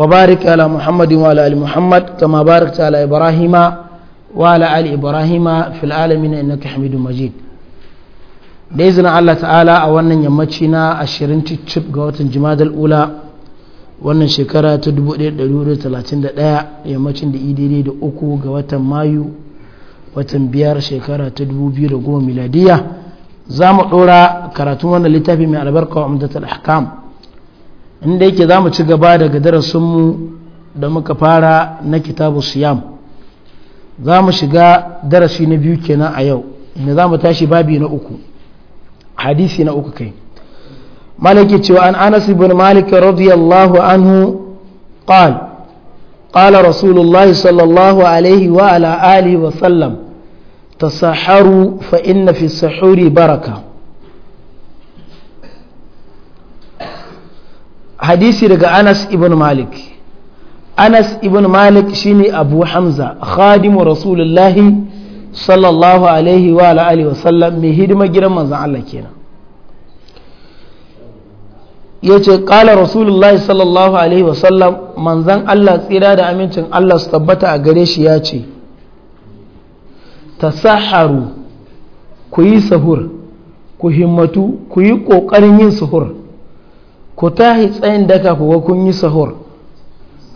وبارك على محمد وعلى آل محمد كما باركت على إبراهيم وعلى آل إبراهيم في العالمين إنك حميد مجيد بإذن الله تعالى أولا يمتشنا أشرين تشب قوات الجماد الأولى wannan shekara ta 1931 yammacin da idiri da uku ga watan mayu watan biyar shekara ta miladiya za mu ɗora karatun wannan littafi mai albarka wa amdatar ahkam inda yake za mu ci gaba daga darasinmu da muka fara na kitabu siyam za mu shiga darasi na biyu kenan a yau inda za mu tashi babi na uku hadisi na uku kai malaki cewa an anas ibn malik radiyallahu anhu qal qala rasulullahi sallallahu alaihi wa ala alihi wa sallam tasahharu fa inna fi sahuri baraka hadisi daga anas ibn malik anas ibn malik shine abu hamza khadimu rasulullahi sallallahu alaihi wa wa wasallam mai hidima gidan manzan Allah kenan ya ce ƙala rasulullahi sallallahu alaihi wasallam manzan Allah tsira da amincin Allah su tabbata a gare shi ya ce tasaharu ku yi sahur ku himmatu ku yi ƙoƙarin yin suhur ku tahi tsayin daka kuwa kun yi sahur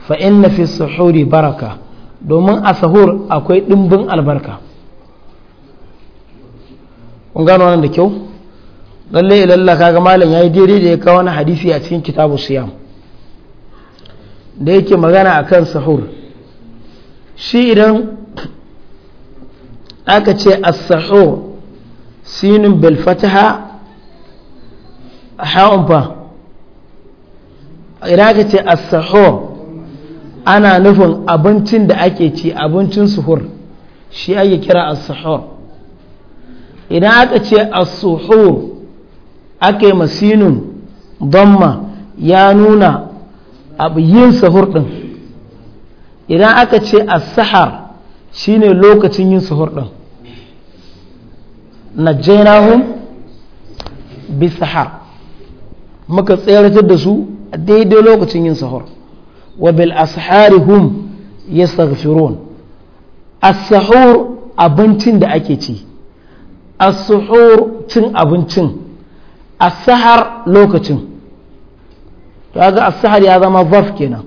fa inna fi sahuri baraka domin a sahur akwai ɗimbin albarka kun gano wannan da kyau lalle ilalla kaga malam yayi daidai da ya kawo wani hadisi a cikin kitabu siyam da yake magana akan sahur shi idan aka ce as-sahur sinun bil fataha ha'un fa idan aka ce as-sahur ana nufin abincin da ake ci abincin suhur shi ake kira as-sahur idan aka ce as-suhur aka masinun damma ya nuna abu yin suhur din idan aka ce as-sahar shine lokacin yin suhur din najainahum bi sahar muka tsayar da su A daidai lokacin yin sahur Wabil bil ashari hum yastaghfirun as asahur abincin da ake ci as cin abincin asahar sahar lokacin to ga as-sahar ya zama zarf kenan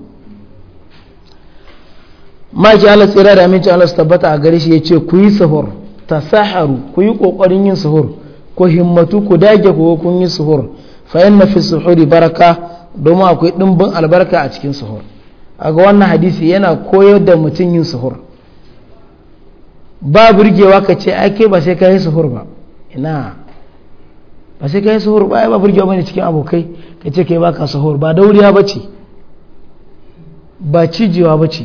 ma ji Allah tsira da aminci Allah su tabbata a gare shi ya ce ku yi sahur ta saharu ku yi ƙoƙarin yin sahur ku himmatu ku dage ku kun yi sahur fa inna fi suhuri baraka domin akwai ɗimbin albarka a cikin suhur a ga wannan hadisi yana koyar da mutum yin suhur ba burgewa ka ce ake ba sai ka yi suhur ba ina ba sai ka yi suhur ba ba burgewa mai cikin abokai ka ce kai baka suhur ba dauriya ba ce ba cijewa ba ce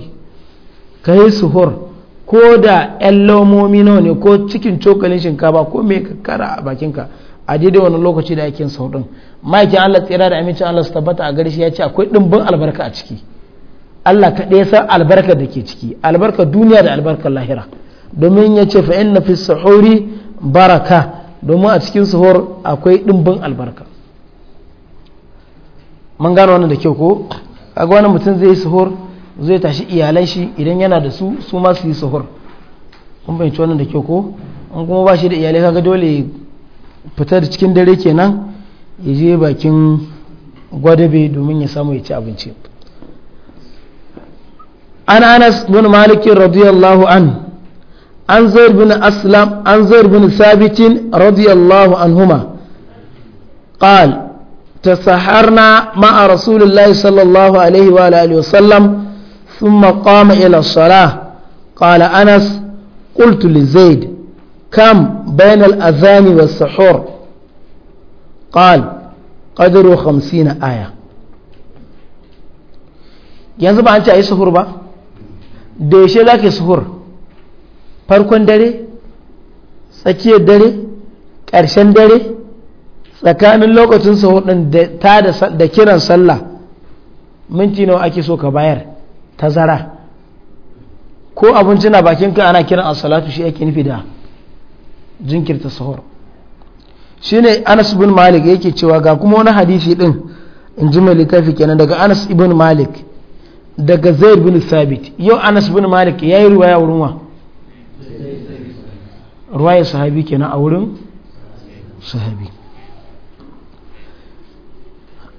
ka yi suhur ko da ƴan lomomi nawa ne ko cikin cokalin shinkafa ko mai kakkara a bakinka a daidai wani lokaci da yake sau din ma'aikin Allah tsira da amincin Allah su tabbata a gari shi ya ce akwai ɗimbin albarka a ciki Allah ka ɗaya san albarka da ke ciki albarka duniya da albarkar lahira domin ya ce fa'in na fi sahori baraka domin a cikin suhor akwai ɗimbin albarka mun gano wannan da kyau ko kaga wani mutum zai yi suhur zai tashi iyalan shi idan yana da su su ma su yi suhur mun wannan da kyau ko in kuma ba shi da iyalai kaga dole fita da cikin dare kenan ya je bakin gwadabe domin ya samu ya ci abinci an anas bin malikin radiyallahu an an zair bin aslam an zair bin sabitin radiyallahu anhuma قال تسحرنا مع رسول الله صلى الله عليه wa sallam sun maƙama ila الصلاة ƙala anas قلت لزيد كم بين الأذان والسحور قال قدر خمسين آية yanzu ba an ce a yi suhur ba da yaushe za ke suhur farkon dare tsakiyar dare ƙarshen dare tsakanin lokacin suhur ɗin da kiran sallah minti nawa ake so ka bayar tazara ko abinci na bakin ka ana kiran asalatu shi ake nufi da jinkirta sahur ne Anas ibn Malik yake cewa ga kuma wani hadisi din in ji mai littafi kenan daga Anas ibn Malik daga Zaid bin Sabit yau Anas ibn Malik ya yi ruwaya wurin wa ruwaya sahabi kenan a wurin sahabi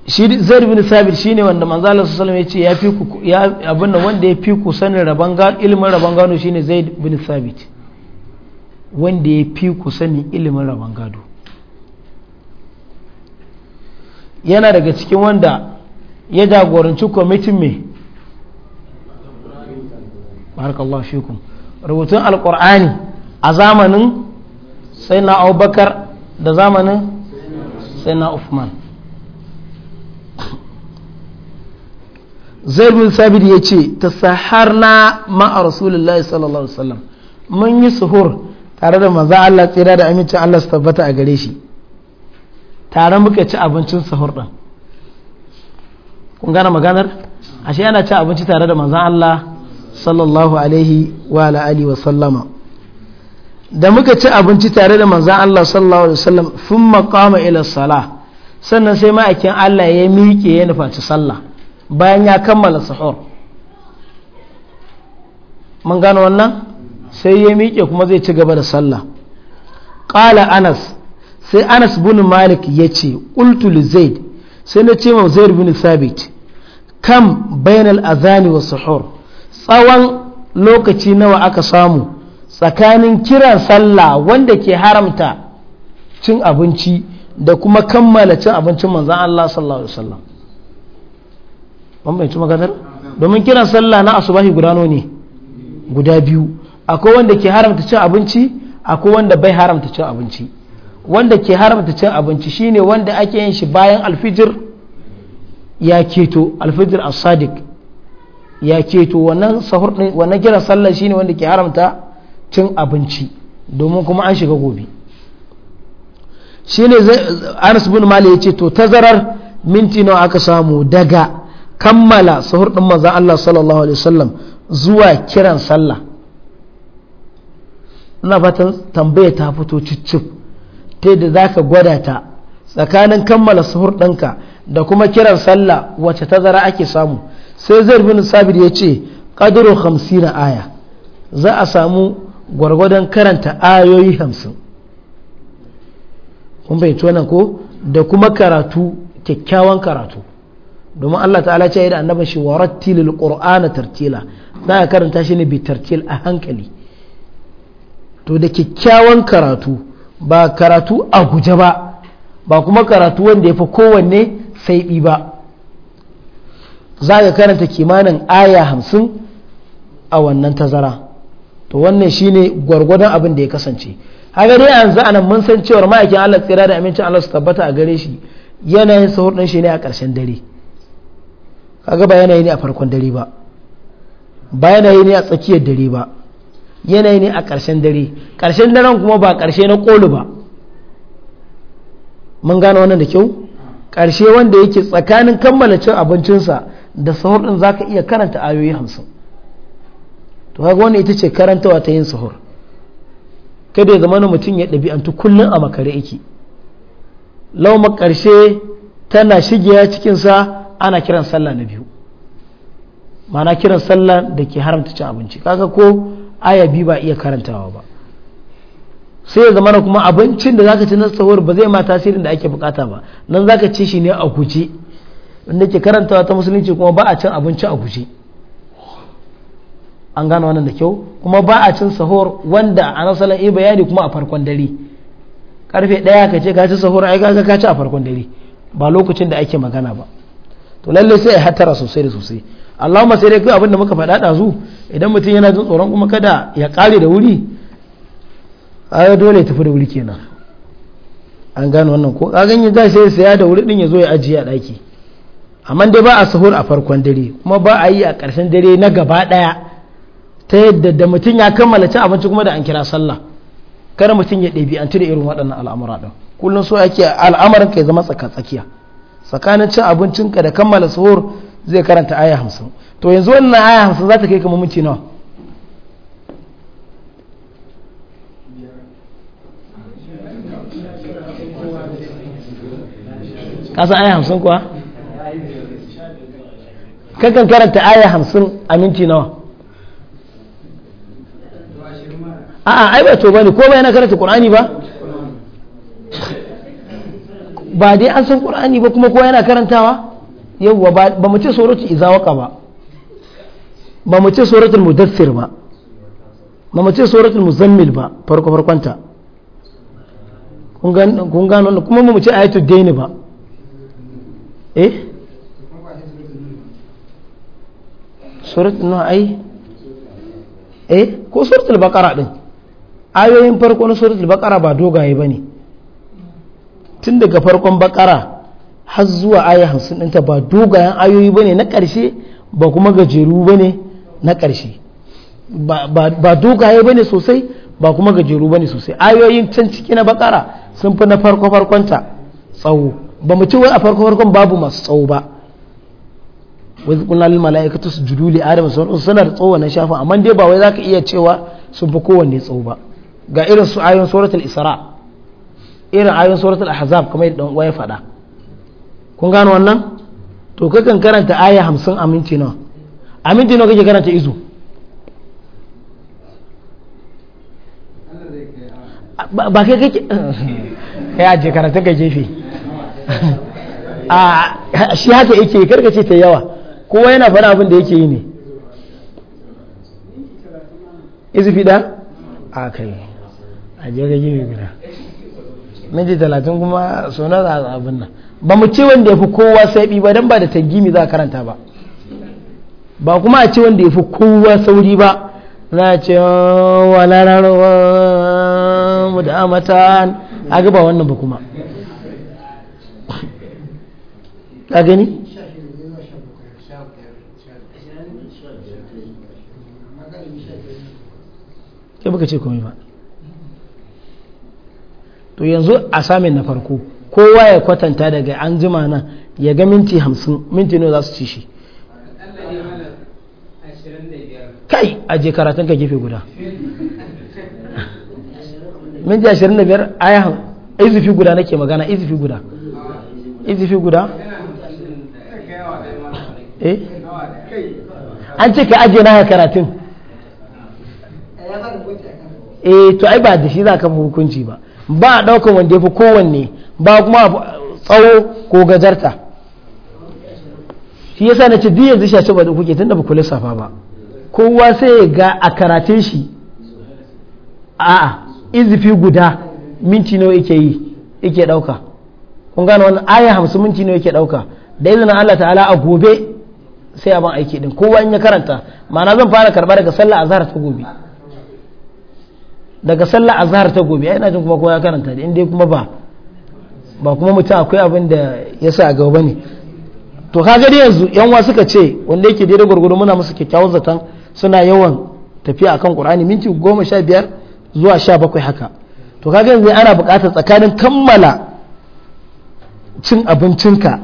shi zaid bin sabit shi ne wanda manzala su salama ya ce ya fi ku abin wanda ya fi ku sanin raban ilmin raban gano ne zaid bin sabit wanda ya fi ku sani ilimin rabon gado yana daga cikin wanda ya jagoranci kwamitin mai barakallahu rubutun alkur'ani a zamanin sai na abubakar da zamanin sai na Ufman zai bin ya ce ta saharna ma'a rasulullahi sallallahu alaihi wasallam mun yi suhur tare da manzo Allah tsira da amincin Allah su tabbata a gare shi tare muka ci abincin sahur din kun gane maganar ashe yana ci abinci tare da manzo Allah sallallahu alaihi wa alihi wa sallama da muka ci abinci tare da manzo Allah sallallahu alaihi wa sallam thumma qama ila salah sannan sai ma'aikin Allah ya miƙe ya nufaci sallah bayan ya kammala sahur mun gano wannan sai ya miƙe kuma zai ci gaba da sallah ƙala anas sai anas bin malik ya ce ƙultul zaid sai na ce ma zaid bin sabit kam bainal azani wa suhur tsawon lokaci nawa aka samu tsakanin kiran sallah wanda ke haramta cin abinci da kuma kammala cin abincin manzan Allah sallallahu alaihi wasallam ban bai maganar domin kiran sallah na asubahi guda ne guda biyu akwai wanda ke haramta cin abinci akwai wanda bai haramta cin abinci wanda ke haramta cin abinci shine wanda ake yin shi bayan alfijir ya keto alfijir as-sadiq ya keto wannan sahur din wannan kira sallah shine wanda ke haramta cin abinci domin kuma an shiga gobe shine Anas bin Malik yace to tazarar minti nawa aka samu daga kammala sahur din manzon Allah sallallahu alaihi wasallam zuwa kiran sallah ina fatan tambaya ta fito ciccif ta yadda za ka gwada ta tsakanin kammala suhur ɗinka da kuma kiran sallah wacce tazara ake samu sai zai bin sabir ya ce ƙaduro hamsin aya za a samu gwargwadon karanta ayoyi hamsin kun fahimci wannan ko da kuma karatu kyakkyawan karatu domin Allah ta'ala ce yi da annabin shi warattilil qur'ana tartila za a karanta shi ne bi tartil a hankali to da kyakkyawan karatu ba karatu a guje ba ba kuma karatu wanda ya fi kowanne saiɓi ba za ka karanta kimanin aya hamsin a wannan tazara to wannan shine gwargwadon abin da ya kasance haka dai yanzu nan mun san cewar ma'aikin Allah tsira da amincin Allah su tabbata a gare shi yanayin sahur ɗin shi ne a ƙarshen dare kaga ba yanayi ne a farkon dare ba ba yanayi ne a tsakiyar dare ba yanayi ne a ƙarshen dare ƙarshen daren kuma ba ƙarshe na ƙolu ba mun gano wannan da kyau ƙarshe wanda yake tsakanin kammala cin abincinsa da sahur ɗin ka iya karanta ayoyi hamsin to haka wannan ita ce karantawa ta yin sahur kada ya zama mutum ya ɗabi'antu kullum a makare yake lauma ƙarshe tana cikin cikinsa ana kiran sallah na biyu ma'ana kiran sallah da ke haramta cin abinci kaga ko aya biyu ba iya karantawa ba sai ya zamana kuma abincin da zaka ci na sahur ba zai ma tasirin da ake bukata ba nan zaka ci shi ne a kuce inda ke karantawa ta musulunci kuma ba a cin abinci a kuce an gano wannan da kyau kuma ba a cin sahur wanda a nasalan yi bayani kuma a farkon dare karfe ɗaya ka ce ka ci sahur ai kaga ka ci a farkon dare ba lokacin da ake magana ba to lallai sai a hatara sosai da sosai ma sai dai kai abinda muka faɗa ɗazu idan mutum yana jin tsoron kuma kada ya kare da wuri ayo dole ya tafi da wuri kenan an gane wannan ko ka ganye za sai saya da wuri din ya zo ya ajiye a ɗaki amma dai ba a sahur a farkon dare kuma ba a yi a ƙarshen dare na gaba ɗaya ta yadda da mutum ya kammala cin abinci kuma da an kira sallah kada mutum ya ɗabi an da irin waɗannan al'amura ɗin kullum so ake al'amarin ka ya zama tsaka tsakiya tsakanin cin abincinka da kammala sahur zai karanta aya hamsin to yanzu wannan aya hamsin za ta kai kamar mace nawa kasan aya hamsin kuwa kakan karanta aya hamsin a minti nawa a'a ai ba to bane ko ba na karanta qur'ani ba ba dai an san qur'ani ba kuma kowa yana karantawa yawwa ba mu ce suratul izawaka ba ba mu ce suratul mudaththir ba ba mu ce suratul muzammil ba farko farkonta kun gano kuma mu ce ayatul daini ba eh suratul nuh ai eh ko suratul baqara din ayoyin farko na suratul baqara ba dogaye bane tun daga farkon baqara har zuwa aya hamsin ɗinta ba dogayen ayoyi ba ne na ƙarshe ba kuma gajeru ba ne na ƙarshe ba dogaye ba ne sosai ba kuma gajeru ba ne sosai ayoyin can ciki na bakara sun fi na farko-farkonta tsawo ba mu wai a farko-farkon babu masu tsawo ba wani kuna lil mala'ikatu su judu li adam sun suna da tsawo na shafa amma dai ba wai zaka iya cewa sun fi kowanne tsawo ba ga irin su ayoyin suratul isra irin ayoyin suratul ahzab kamar yadda ya faɗa kun gano wannan to kakan karanta aya hamsin a minti nawa a minti nawa kake karanta izu ba kai kake kai aje karatun ka jefe a shi haka yake karkace ta yawa kowa yana fara abin da yake yi ne izu fida a kai aje ka gefe guda minti talatin kuma sonar abin nan ba mu ce wanda ya fi kowa saibi ba don ba da tagimi za a karanta ba ba kuma a ce wanda ya fi kowa sauri ba za a ce oh, lararwa mu da amatan a gaba wannan ba kuma ka gani? ke baka ce komai ba to yanzu a samin na farko kowa ya kwatanta daga an jima nan ya ga minti hamsin minti ne za su ci shi kai a je karatun ka gefe guda minti ashirin da biyar ayan izifi guda nake magana izifi guda izifi guda eh an ce ka aje na karatun eh to ai ba da shi za ka fi hukunci ba ba a ɗaukan wanda ya fi kowanne ba kuma tsawo ko gajarta shi yasa na ce duk yanzu shace ba da kuke tunda ba ku lissafa ba kowa sai ya ga a karatun shi a izifi guda minti nawa yake yi yake dauka kun gane wannan aya 50 minti nawa yake dauka da izinin Allah ta'ala a gobe sai abin aiki din kowa in ya karanta ma'ana zan fara karɓar daga sallah azhar ta gobe daga sallah azhar ta gobe ina jin kuma kowa ya karanta da inda kuma ba ba kuma mutum akwai abin da ya sa a gaba ne to kaga gani yanzu yan wa suka ce wanda yake daidai gwargwado muna musu kyakkyawan zaton suna yawan tafiya akan qur'ani minti goma sha biyar zuwa sha bakwai haka to ka kaga yanzu ana buƙatar tsakanin kammala cin abincinka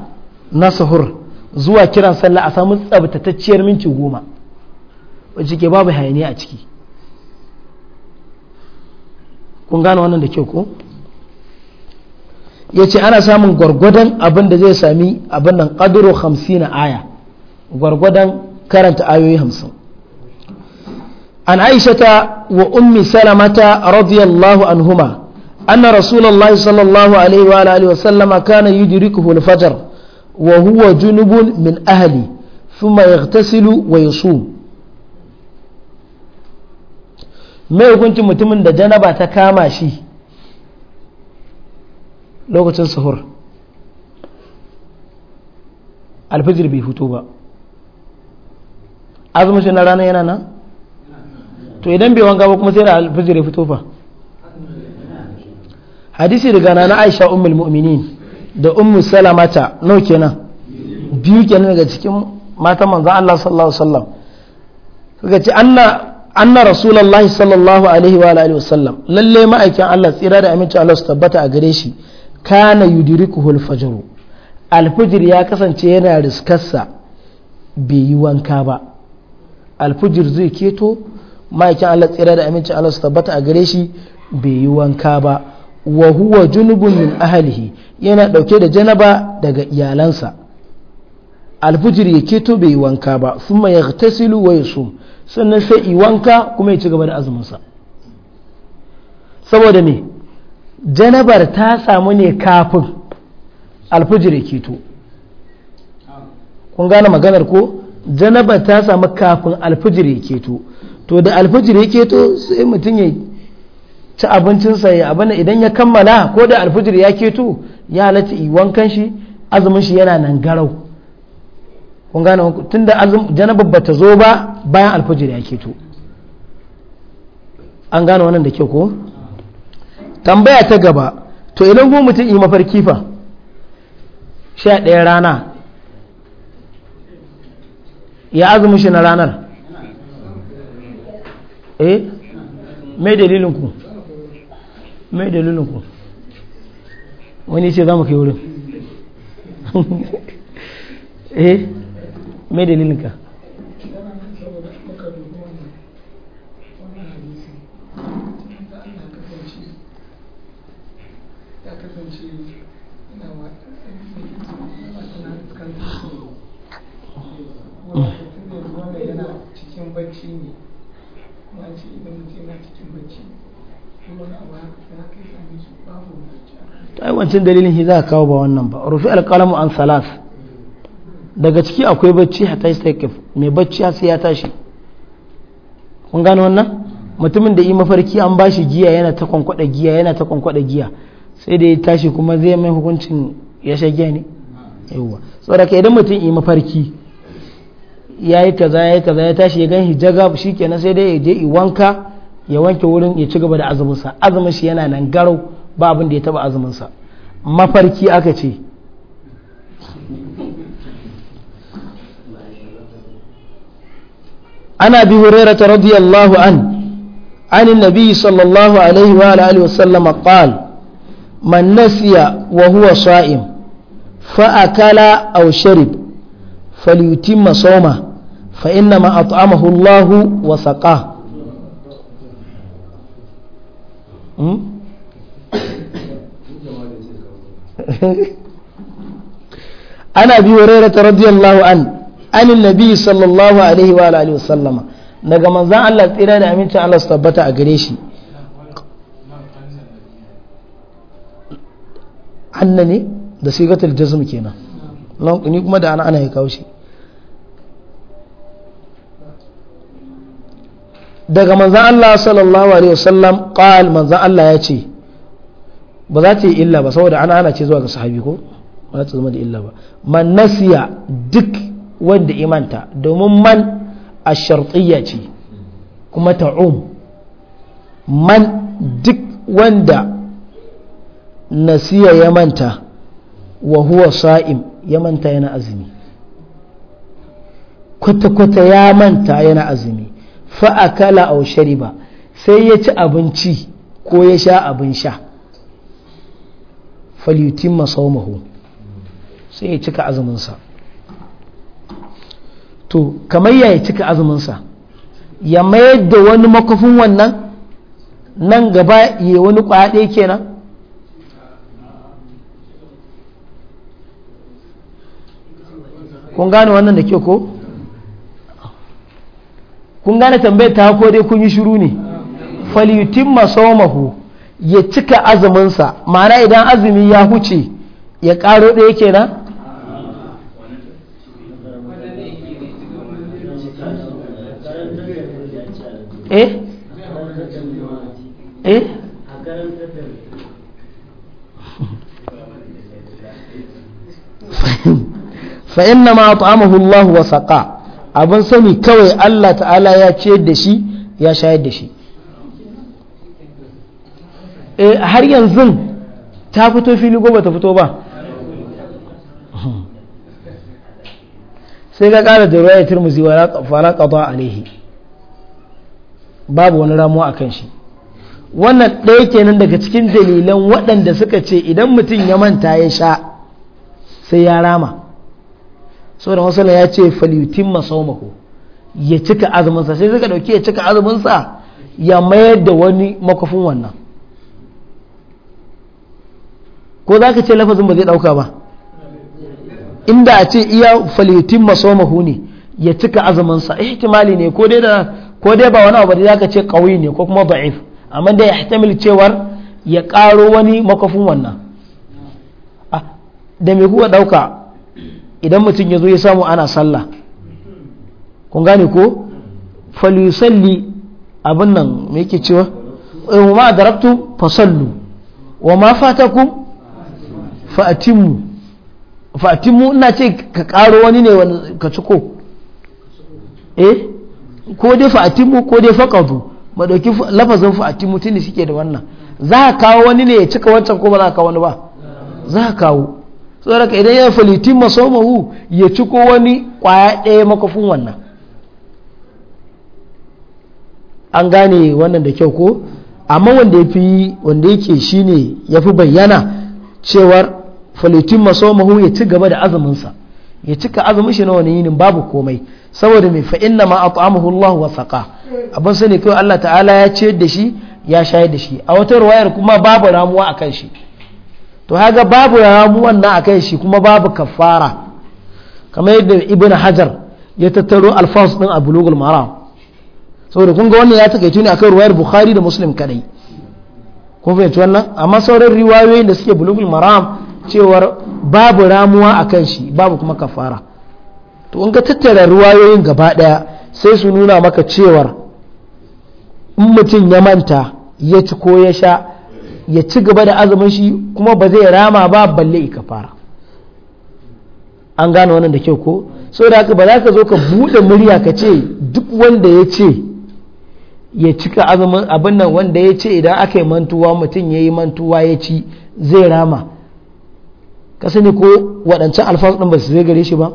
na sahur zuwa kiran sallah a samu tsabtatacciyar minti goma wacce ke babu hayaniya a ciki kun gane wannan da kyau ko ya ce ana samun gwargwadon abin da zai sami abin nan ƙaduro hamsin na aya gwargwadon karanta ayoyi hamsin an aishata wa ummi salamata radiyallahu anhuma أن رسول الله صلى الله عليه وآله وسلم كان يدركه الفجر وهو جنب من أهله ثم يغتسل ويصوم ما كنت متمن da janaba ta kama shi lokacin suhur, alfijir bai fito ba azumin shi na rana yana nan to idan bai wanga ba kuma sai da alfijir ya fito fa hadisi daga na aisha ummul mu'minin da ummu salamata nau kenan biyu kenan daga cikin matan manzan Allah sallallahu alaihi wasallam kaga ce anna anna sallallahu alaihi wa alaihi wasallam lalle ma'aikin Allah tsira da aminci Allah su tabbata a gare shi kana yudiri al-fajr al-fajr ya kasance yana riskarsa bai yi wanka ba al zai keto ma'aikin Allah tsira da amincin Allah su tabbata a gare shi bai yi wanka ba wa huwa junubun min ahlihi yana dauke da janaba daga iyalansa alfijir ya keto bai yi wanka ba sun mai yaghtasilu wa yusum sannan sai yi wanka kuma ya ci gaba da azuminsa saboda me janabar ta samu ne kafin alfijir keto kun gane maganar ko janabar ta samu kafin alfijir keto to da alfijir keto sai mutum ya ci abincinsa ya abin idan ya kammala ko da alfijir ya keto ya halatta wankan shi azumin shi yana nan garau kun gane tun da janabar ba ta zo ba bayan alfijir ya keto an gane wannan da ke ko tambaya ta gaba to idan kuma mutum yi mafarki fa sha ɗaya rana ya azumi shi na ranar eh mai dalilinku mai dalilinku wani ce za mu kai wurin eh mai dalilinka bacci ne kuma ce idan mutum yana cikin bacci ai wancan dalilin shi za ka kawo ba wannan ba rufi alƙalamu an salas daga ciki akwai bacci sai shi mai bacci har sai ya tashi kun gano wannan mutumin da yi mafarki an bashi giya yana ta kwankwada giya yana ta kwankwada giya sai da ya tashi kuma zai mai hukuncin ya sha giya ne yawwa saboda idan mutum yi mafarki ya yi kaza ya yi kaza ya tashi ya gan jaga shi kenan sai dai ya je wanka ya wanke wurin ya ci gaba da azuminsa azumin shi yana nan garau ba abin da ya taba azuminsa mafarki aka ce ana bi ta radiyallahu an عن النبي صلى الله عليه وآله وسلم قال من نسي وهو صائم فأكل أو شرب فليتم صومه fa inna ma at'amahu Allah wa saqa hmm? ana bi hurairah radiyallahu an an annabi sallallahu alaihi wa alihi wa sallama daga manzon Allah tsira da amincin Allah su tabbata a gare shi anna ne da sigatul jazm kenan ni kuma da ana daga manzan Allah sallallahu alaihi wasallam qal manzan Allah ya ce ba za ta yi illa ba saboda ana ana ce zuwa ga sahabi ko ba za ta zama da illa ba man nasiya duk wanda imanta domin man a shartiyya ce kuma ta'um man duk wanda nasiya ya manta wa huwa sa'im ya manta yana azumi kwata-kwata ya manta yana azumi fa'akala aw ba sai ya ci abinci ko ya sha abin sha falyutimma saumahu sai ya cika azuminsa to kamar ya cika azuminsa ya mayar da wani makofin wannan nan gaba ya wani kwaɗe kenan kun gane wannan da ke ko kun gane tambayar ta ko dai kun yi shiru ne falyutimma sawmahu ya cika azuminsa ma'ana idan azumi ya huce ya karo ɗaya kenan eh eh ta'amahu Allah wa saƙa abin sani kawai Allah ta'ala ya ce da shi ya shayar da shi eh, har yanzu ta fito fili ko ba ta fito ba sai ka ƙara da ruwaya turmuzi wa fara alaihi babu wani ramuwa akan shi wannan ɗaya kenan daga cikin dalilan waɗanda suka ce idan mutum ya manta ya sha sai ya rama saboda masala ya ce falyutin masaumako ya cika azuminsa sai suka dauki ya cika azuminsa ya mayar da wani makofin wannan ko za ka ce lafazin ba zai dauka ba inda a ce iya falyutin masaumako ne ya cika azuminsa ihtimali ne ko dai ko dai ba wani abu da ka ce kawai ne ko kuma ba'if amma dai ihtamil cewar ya karo wani makofin wannan da me kuka dauka idan mutum ya zo ya samu ana sallah kun gane ko falusalli abin nan mai ke cewa eh, wa ma darabtu fasallu wa ma fatakum fa'atimu fa'atimu ina ce ka karo wani ne wani ka ciko eh ko dai fa'atimu ko dai faqadu madauki lafazin fa'atimu tunda suke da wannan za ka kawo wani ne ya cika wancan ko ba za ka kawo wani ba za ka kawo tsoraka idan ya faliti mahu ya ci ko wani kwaya ɗaya makafin wannan an gane wannan da kyau ko amma wanda ya fi wanda yake shine yafi bayyana cewar maso mahu ya ci gaba da azuminsa ya cika azumin shi na wani yinin babu komai saboda mai fa inna ma at'amahu Allah wa saqa abin sani kawai Allah ta'ala ya ce da shi ya shayar da shi a wata ruwayar kuma babu ramuwa a kan shi to haga babu ramuwan a akai shi kuma babu kafara kamar yadda ibn hajar ya tattaro alfas din a bulugul mara saboda kun ga wannan ya takaice ne akan ruwayar bukhari da muslim kadai kun fahimci wannan amma sauran riwayoyin da suke bulugul mara cewar babu ramuwa a kan shi babu kuma kafara to in ka tattara riwayoyin gaba daya sai su nuna maka cewar in mutum ya manta ya ci ko ya sha ya ci gaba da azumin shi kuma ba zai rama ba balle ka fara an gane wannan da kyau ko da haka ba za ka zo ka bude murya ka ce duk wanda ya ce ya cika azumin abin nan wanda ya ce idan aka yi mantuwa mutum ya yi mantuwa ya ci zai rama ka sani ko waɗancan alfasu ɗin ba su zai gare shi ba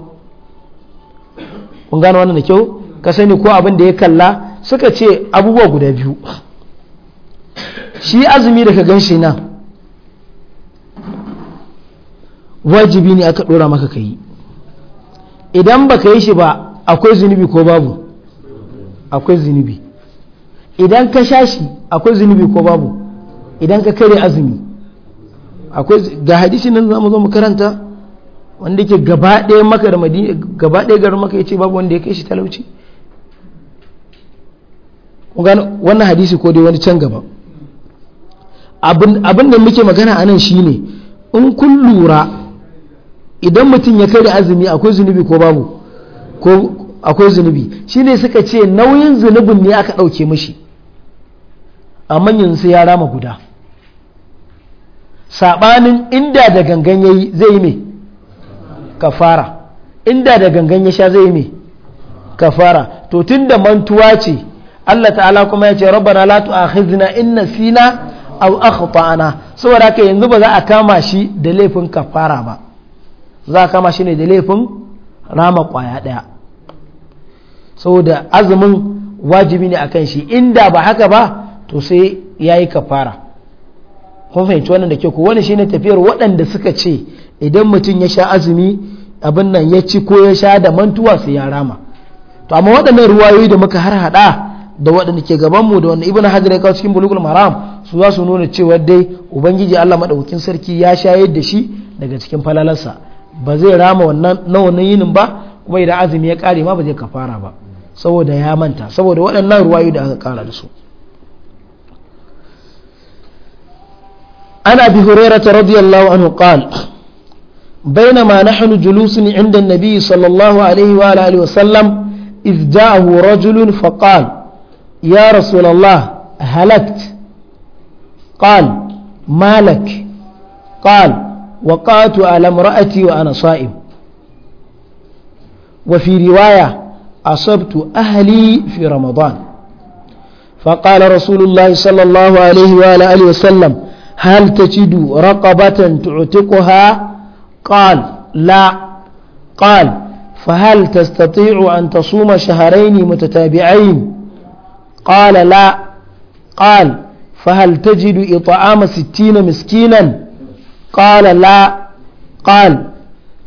kun gane wannan da kyau ka sani ko abin da ya kalla suka ce abubuwa guda biyu shi azumi da ka gan shi nan wajibi ne aka ɗora maka ka yi idan ba ka yi shi ba akwai zunubi ko babu akwai zunubi idan ka sha shi akwai zunubi ko babu idan ka kare azumi akwai ga hadisi nan zamu zo mu karanta wanda yake gaba ɗaya maka da madina gaba ɗaya garin maka yace babu wanda ya kai shi talauci wannan hadisi ko dai wani can gaba abin da muke magana anan shine in kun lura idan mutum ya kai da azumi akwai zunubi ko babu ko akwai zunubi shine suka ce nauyin zunubin ne aka ɗauke mishi amma yanzu ya rama guda saɓanin inda da gangan ya zai yi mai kafara inda da gangan ya sha zai yi mai kafara to tun da mantuwa ce Allah ta'ala kuma ya ce rabbana la tu'akhizna in nasina aw akhtana saboda haka yanzu ba za a kama shi da laifin kafara ba za a kama shi ne da laifin rama kwaya daya saboda azumin wajibi ne akan shi inda ba haka ba to sai yi kafara kun fahimci wannan da ke ku wani shine tafiyar waɗanda suka ce idan mutum ya sha azumi abin nan ya ci ko ya sha da mantuwa sai ya rama to amma waɗannan ruwayoyi da muka har hada da waɗanda ke gabanmu da wanda ibn hajar ya kawo cikin bulugul maram su za su nuna cewa dai ubangiji allah maɗaukin sarki ya shayar da shi daga cikin falalarsa ba zai rama wannan na wannan yinin ba kuma idan azumi ya kare ma ba zai kafara ba saboda ya manta saboda waɗannan ruwayu da aka kara da su bi abi hurairah radiyallahu anhu qala بينما نحن جلوس عند النبي صلى الله عليه وآله وسلم إذ جاءه رجل فقال يا رسول الله هلكت قال ما لك قال وقعت على امرأتي وأنا صائم وفي رواية أصبت أهلي في رمضان فقال رسول الله صلى الله عليه وآله وسلم هل تجد رقبة تعتقها قال لا قال فهل تستطيع أن تصوم شهرين متتابعين قال لا قال فهل تجد إطعام ستين مسكينا قال لا قال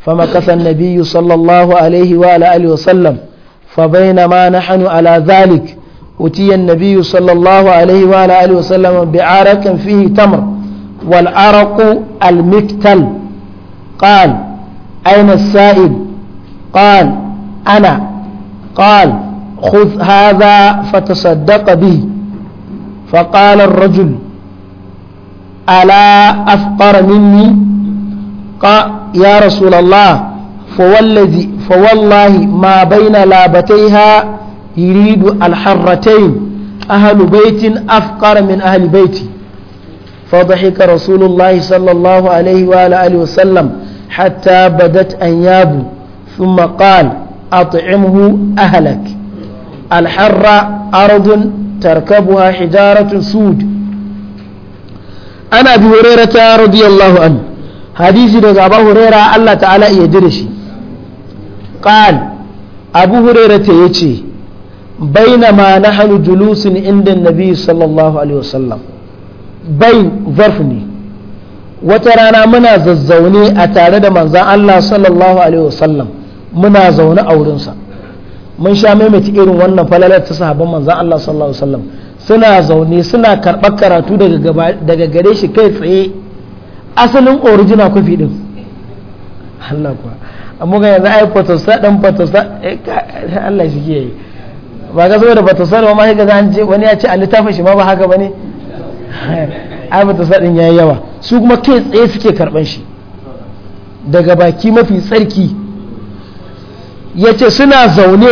فمكث النبي صلى الله عليه وعلى آله وسلم فبينما نحن على ذلك أتي النبي صلى الله عليه وعلى آله وسلم بعرق فيه تمر والعرق المكتل قال أين السائل قال أنا قال خذ هذا فتصدق به فقال الرجل ألا أفقر مني قال يا رسول الله فوالذي فوالله ما بين لابتيها يريد الحرتين أهل بيت أفقر من أهل بيتي فضحك رسول الله صلى الله عليه وآله وسلم حتى بدت أنيابه ثم قال أطعمه أهلك الحرة أرض تركبها حجارة سود أنا أبي هريرة رضي الله عنه حديث رضا أبو هريرة الله تعالى يدرشي قال أبو هريرة يتي بينما نحن جلوس عند النبي صلى الله عليه وسلم بين ظرفني wata rana muna zazzaune a tare da manzan Allah sallallahu Alaihi wasallam muna zaune a wurinsa mun sha maimaita irin wannan falalar ta sahabban manzan Allah sallallahu alaihi wasallam suna zaune suna karɓar karatu daga gare shi kai tsaye asalin original kofi din Allah kuwa amma ga yanzu ai fotosa dan fotosa eh, Allah shi ke yi ba ga saboda fotosa ba ma sai ga an je wani ya ce a littafin shi ma ba haka bane ai fotosa din yayi yawa su kuma kai tsaye suke karban shi daga baki mafi tsarki ya ce suna zaune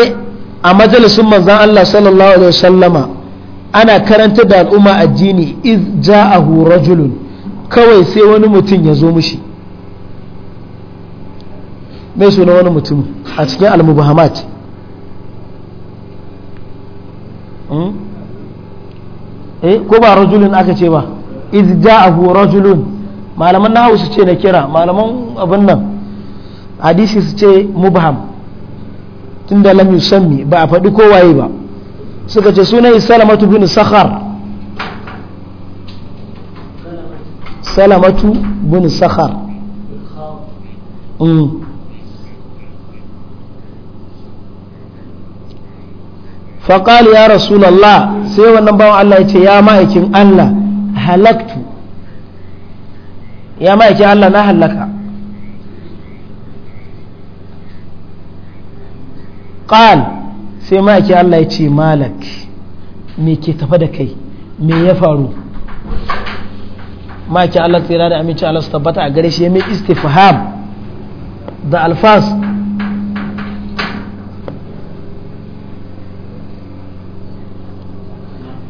a majalisun manzan Allah sallallahu alaihi wasallama ana karanta da al'umma addini iz ja'ahu rajulun kawai sai wani mutum ya zo mushi mai suna wani mutum a cikin al-mubahamat hmm? eh ko ba rajulun aka ce ba iz ja'ahu rajulun malaman nahawu su ce na kira malaman abin nan hadisi su ce mubaham. tunda lam yusammi ba a faɗi kowaye ba suka ce sunan salamatu bin sakhar salamatu bin sakhar mm. faƙali ya rasulallah sai wannan bawan Allah ya ce ya ma'aikin Allah halaktu ya ma'aikin Allah na halaka qal sai ma'aiki Allah ya ce malak me ke tafa da kai me ya faru ma'aiki Allah tsira da amince Allah su tabbata a gare shi ya mai istifham da alfas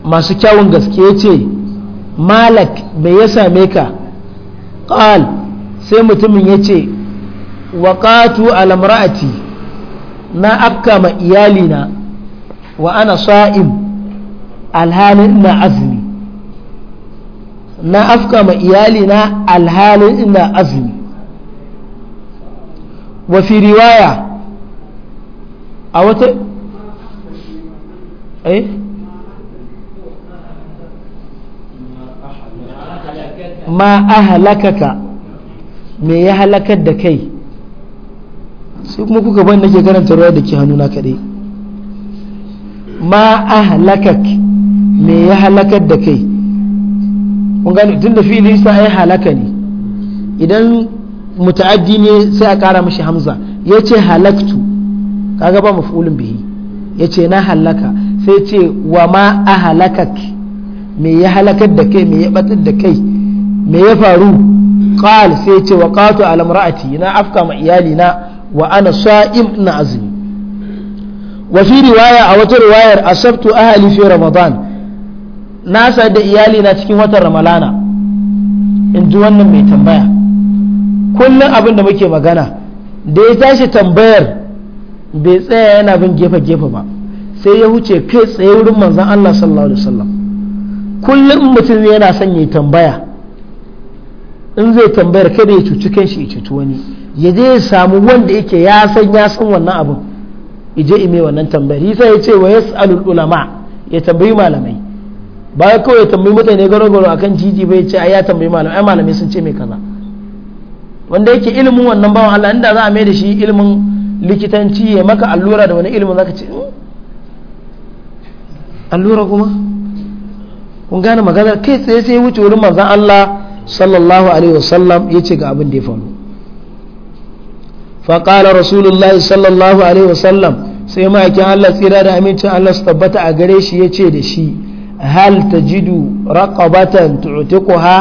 masu kyawun gaske ya ce malak me ya same ka qal sai mutumin ya ce waƙatu alamra'ati na afka ma iyalina wa ana alhalin ina azumi na afka ma iyalina alhalin ina azumi wa fi riwaya a wata eh ma ahalakaka me ya halakar da kai sai kuma kuka bani nake karanta ruwa da ke hannuna kaɗai ma a halakak me ya halakar da kai tun da fili sa ya halaka ne idan muta'addi ne sai a ƙara mashi hamza ya ce halaktu kaga ba maf'ulun bihi ya ce na halaka sai ce wa ma halakak me ya halakar da kai me ya batar da kai me ya faru qal sai ce wa qatu ala na afka ma iyali na wa ana sa'im na azumi wa fi riwaya a wata riwayar asabtu ahali fi ramadan na sadu da iyali na cikin watan ramalana in ji wannan mai tambaya kullum abin da muke magana da ya tashi tambayar bai tsaya yana bin gefe-gefe ba sai ya huce kai tsaye wurin manzan Allah sallallahu alaihi wasallam kullum mutum yana son ya tambaya in zai tambayar kada ya cuci kanshi ya cuci wani ya je ya samu wanda yake ya san ya san wannan abin ije ime wannan tambayar sai ya ce wa ya yas'alul ulama ya tambayi malamai ba ya kawai tambayi mutane garo garo kan jiji bai ce ai ya tambayi malamai ai malamai sun ce mai kaza wanda yake ilimin wannan bawan Allah inda za a mai da shi ilimin likitanci ya maka allura da wani ilimin zaka ce hmm? allura kuma kun gane maganar kai tsaye sai wuce wurin manzon Allah sallallahu alaihi wasallam yace ga abin da ya faru faƙala rasulullahi sallallahu alaihi wasallam sai ma'aikin allah tsira da amincin allah su tabbata a gare shi ya ce da shi hal ta jidu raƙabatan tu'tiquha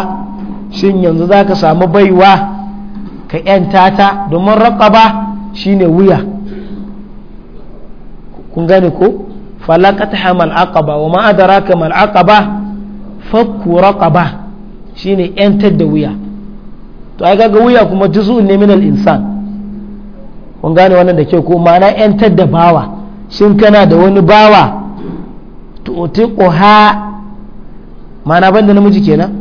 shin yanzu za ka samu baiwa ka ƴan ta domin raƙaba shine wuya kun gane ko falakata hamal aqaba wa ma'adara kamal aqaba fakku raƙaba shine ƴan da wuya to ai ga wuya kuma juzu ne minal insan kun gane wannan da kyau ko ma'ana yantar da bawa shin kana da wani bawa tuti ƙoha ma'ana ban da namiji kenan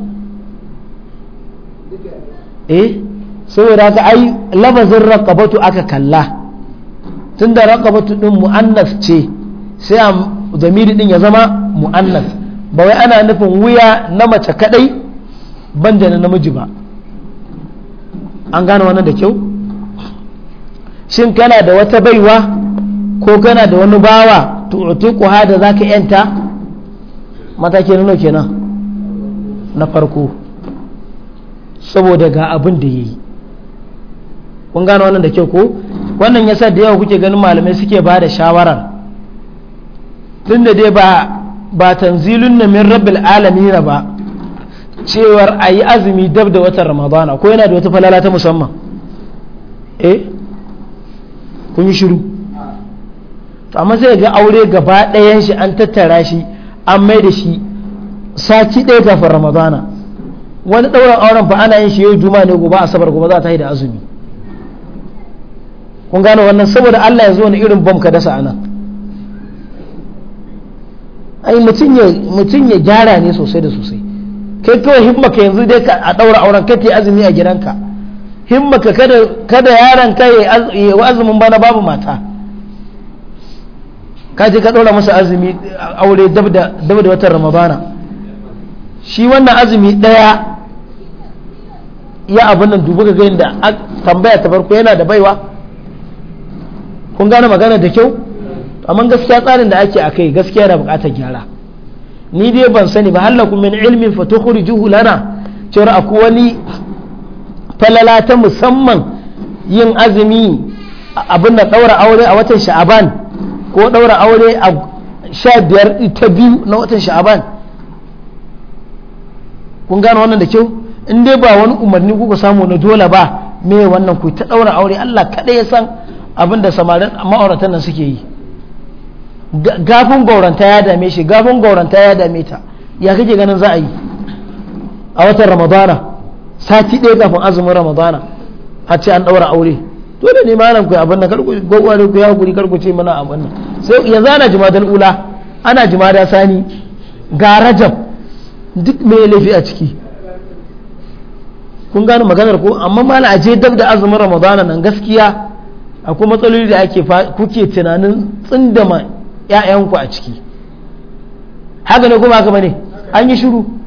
eh saboda haka ai labazin rakabatu aka kalla tun da rakabatu ɗin mu'annas ce sai a zamiri ɗin ya zama mu'annas ba wai ana nufin wuya na mace kaɗai ban da namiji ba an gane wannan da kyau shin kana da wata baiwa ko kana da wani bawa tu'tuku hada zaka yanta mataki nuna kenan na farko saboda ga abin da yayi kun gano wannan da kyau ko wannan yasa da yawa kuke ganin malamai suke ba da shawarar tunda dai ba ba tanzilun na min rabbil alamin ba cewar ayi azumi dab da watan ramadana ko yana da wata falala ta musamman eh kun yi shiru to amma sai ga aure gaba ɗayan shi an tattara shi an mai da shi sati ɗaya kafin ramadana wani ɗaurin auren fa ana yin shi yau juma'a ne gobe asabar gobe za ta yi da azumi kun gano wannan saboda Allah ya zo wani irin bom ka dasa anan ai mutum ya gyara ne sosai da sosai kai kawai himma ka yanzu dai a ɗaura auren kai ta azumi a gidanka himmaka kada yaron ka yi azumin bana babu mata ka je ka ɗora masa azumi aure dab da watan ramadana shi wannan azumi ɗaya ya abin nan dubu ga yadda tambaya ta farko yana da baiwa kun gane magana da kyau amma gaskiya tsarin da ake akai gaskiya na bukatar gyara ni dai ban sani ba hallakun min ilmin fa lana cewa akwai wani falala ta musamman yin azumi abin da ɗaura aure a watan sha'aban ko ɗaura aure a sha biyar ta biyu na watan sha'aban kun gano wannan da kyau in dai ba wani umarni kuka samu na dole ba me wannan ku ta ɗaura aure Allah kaɗai ya san abin da samarin ma'auratan nan suke yi gafin gauranta ya dame shi gafin gauranta ya dame ta ya kake ganin za a yi a watan ramadana sati ɗaya kafin azumin ramadana a ce an ɗaura aure dole ne malam ku abin nan karku gogware ku ya karku ce mana abin nan sai yanzu ana jimadar ula ana jimada sani ga rajab duk mai laifi a ciki kun gane maganar ko amma malam a je dab da azumin ramadana nan gaskiya akwai matsaloli da ake kuke tunanin tsindama 'ya'yanku a ciki haka ne kuma haka bane an yi shiru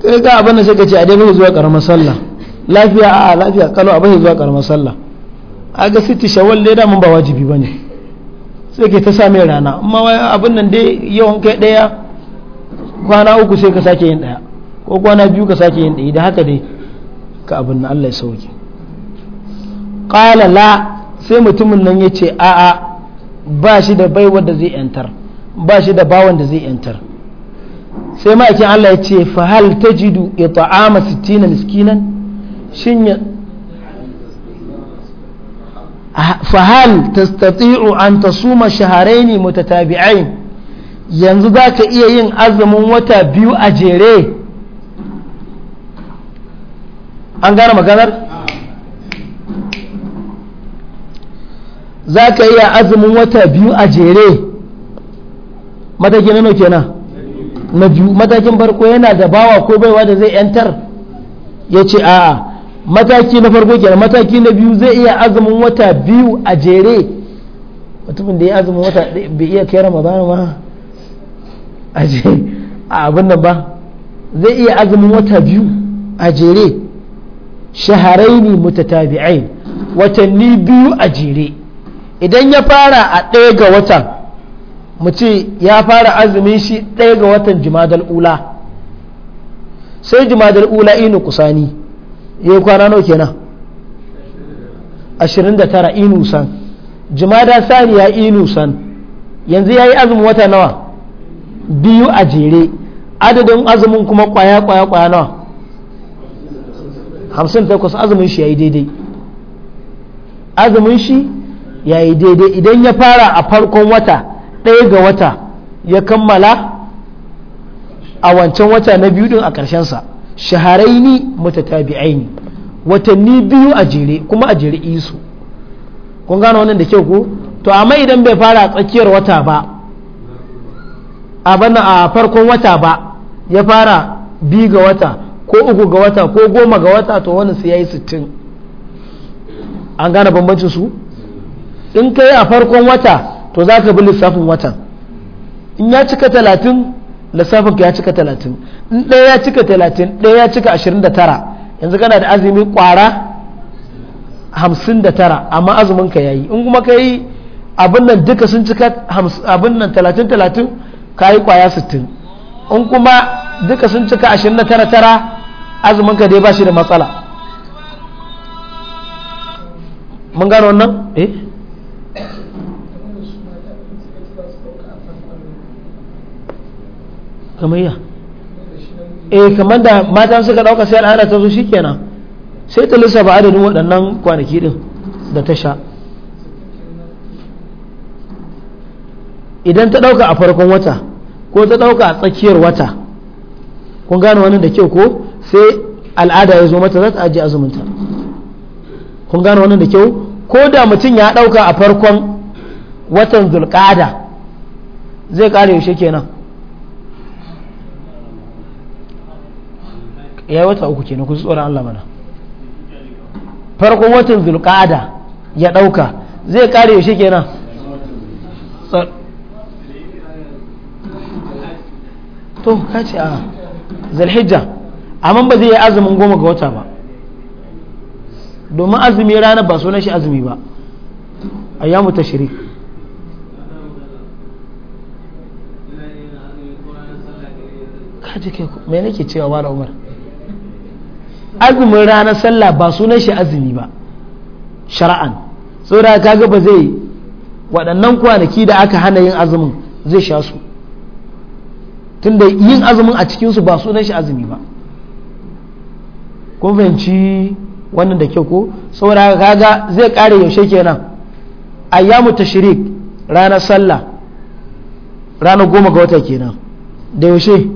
kai eh, ga abin da suka ce a daina zuwa karamar sallah lafiya a lafiya kalau abin zuwa karamar sallah a ga siti shawal dai mun ba wajibi bane sai ke ta same rana amma abin nan dai yawan kai daya kwana uku sai ka sake yin daya ko kwana biyu ka sake yin daya da haka dai ka abin nan Allah ya sauke qala la sai mutumin nan yace a a ba shi da baiwar da zai yantar ba shi da bawan da zai yantar sai ma'aikin Allah ya ce fa hal tajidu it'ama 60 miskinan shin ya hal tastati'u an tasuma shaharaini mutatabi'ain yanzu za ka iya yin azumin wata biyu a jere an gane maganar za ka iya azumin wata biyu a jere matakin nano kenan na biyu matakin farko yana da bawa ko baiwa da zai yantar ya ce a'a mataki na farko kenan mataki na biyu zai iya azumin wata biyu a jere mutumin da ya azumin wata bai iya kai ramadana ma a a abin nan ba zai iya azumin wata biyu a jere shaharaini mutatabi'ai watanni biyu a jere idan ya fara a ɗaya ga watan mu ce ya fara azumin shi ɗaya ga watan jimadal ula sai jimadal ula inu kusani ya yi kwana nauke kenan 29 inu san jimada sani ya inu san yanzu ya yi azumin wata nawa biyu a jere adadin azumin kuma kwaya kwaya kwaya nawa 58 azumin shi ya yi daidai azumin shi ya yi daidai idan ya fara a farkon wata ɗaya ga wata ya kammala a wancan wata na biyu din a ƙarshensa shahararini mutatabi'aini watanni biyu a jere kuma a jere isu kun gano wannan da kyau ko to amma idan bai fara a tsakiyar wata ba a bana a farkon wata ba ya fara biyu ga wata ko uku ga wata ko goma ga wata to wani su yayi sittin an gane bambancin su in kai a farkon wata to za ka bi lissafin watan in ya cika talatin lissafin ya cika talatin in ɗaya ya cika talatin ɗaya ya cika ashirin da tara yanzu kana da azumi ƙwara hamsin da tara amma azumin ka yi in kuma ka yi abin nan duka sun cika abin nan talatin talatin ka yi ƙwaya sittin in kuma duka sun cika ashirin da tara tara azumin ka dai ba shi da matsala mun gano wannan eh kamar ya eh kamar da mata suka dauka sai al'ada ta zo shikenan sai ta lissafa adadin waɗannan kwanaki din da ta sha idan ta dauka a farkon wata ko ta dauka a tsakiyar wata kun gane wannan da kyau ko sai al'ada ya zo mata za ta ajiye azuminta kun gane wannan da kyau ko da mutum ya dauka a farkon watan zulqada zai kare yaushe kenan ya wata uku kenan ku tsoron Allah mana farkon watan zulqa'ada ya dauka zai kare yaushe kenan to ka ce a zulhijja amma ba zai yi azumin goma ga wata ba domin azumi rana ba sunan shi azumi ba ayyamu ka ji kai me nake cewa da umar azumin ranar sallah ba sunan shi azumi ba shara'an saboda kaga ba zai waɗannan kwanaki da aka hana yin azumin zai sha su tunda yin azumin a cikinsu ba sunan shi azumi ba kun fahimci wannan da kyau ko saboda kaga zai kare yaushe kenan ayyamu tashrik ranar sallah ranar goma ga wata kenan da yaushe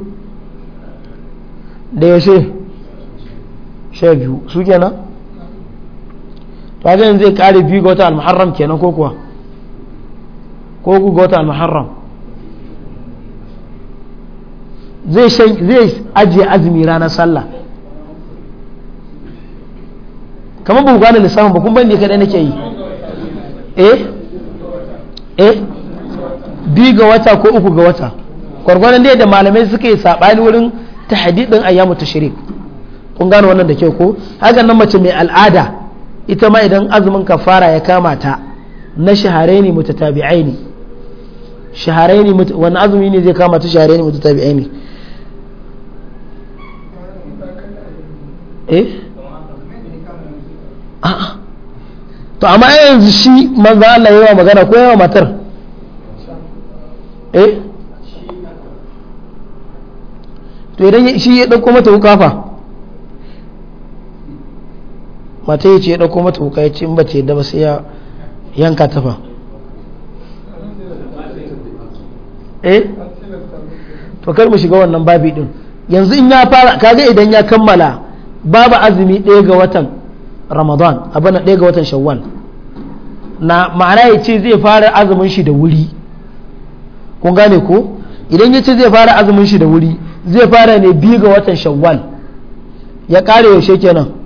da yaushe sha biyu su kenan kaga zai kare biyu ga wata almuharram kenan ko kuwa ko ku ga wata almuharram zai ajiye azumi ranar sallah kama ba ku gane lissafin ba kun ban ne kaɗai nake yi eh eh biyu ga wata ko uku ga wata gwargwadon da malamai suka yi saɓani wurin ta hadidin ayyamu ta shirik kun gane wannan da kyau ko hakan nan mace mai al'ada ita ma idan azumin kafara ya kama ta na shaharaini mutatabi'aini shaharaini wani azumi ne zai kama ta shaharaini ne eh a'a to amma yanzu shi manzo Allah yawa magana ko yawa matar eh to idan shi ya dauko mata wuka fa mata ya ce ya ɗauko mata wuka ya ce in ba ce da ba sai ya yanka tafa eh to kar mu shiga wannan babi din yanzu in ya fara kaga idan ya kammala babu azumi ɗaya ga watan ramadan abana ɗaya ga watan shawwal na ma'ana ya ce zai fara azumin shi da wuri kun gane ko idan ya ce zai fara azumin shi da wuri zai fara ne biyu ga watan shawwal ya ƙare yaushe kenan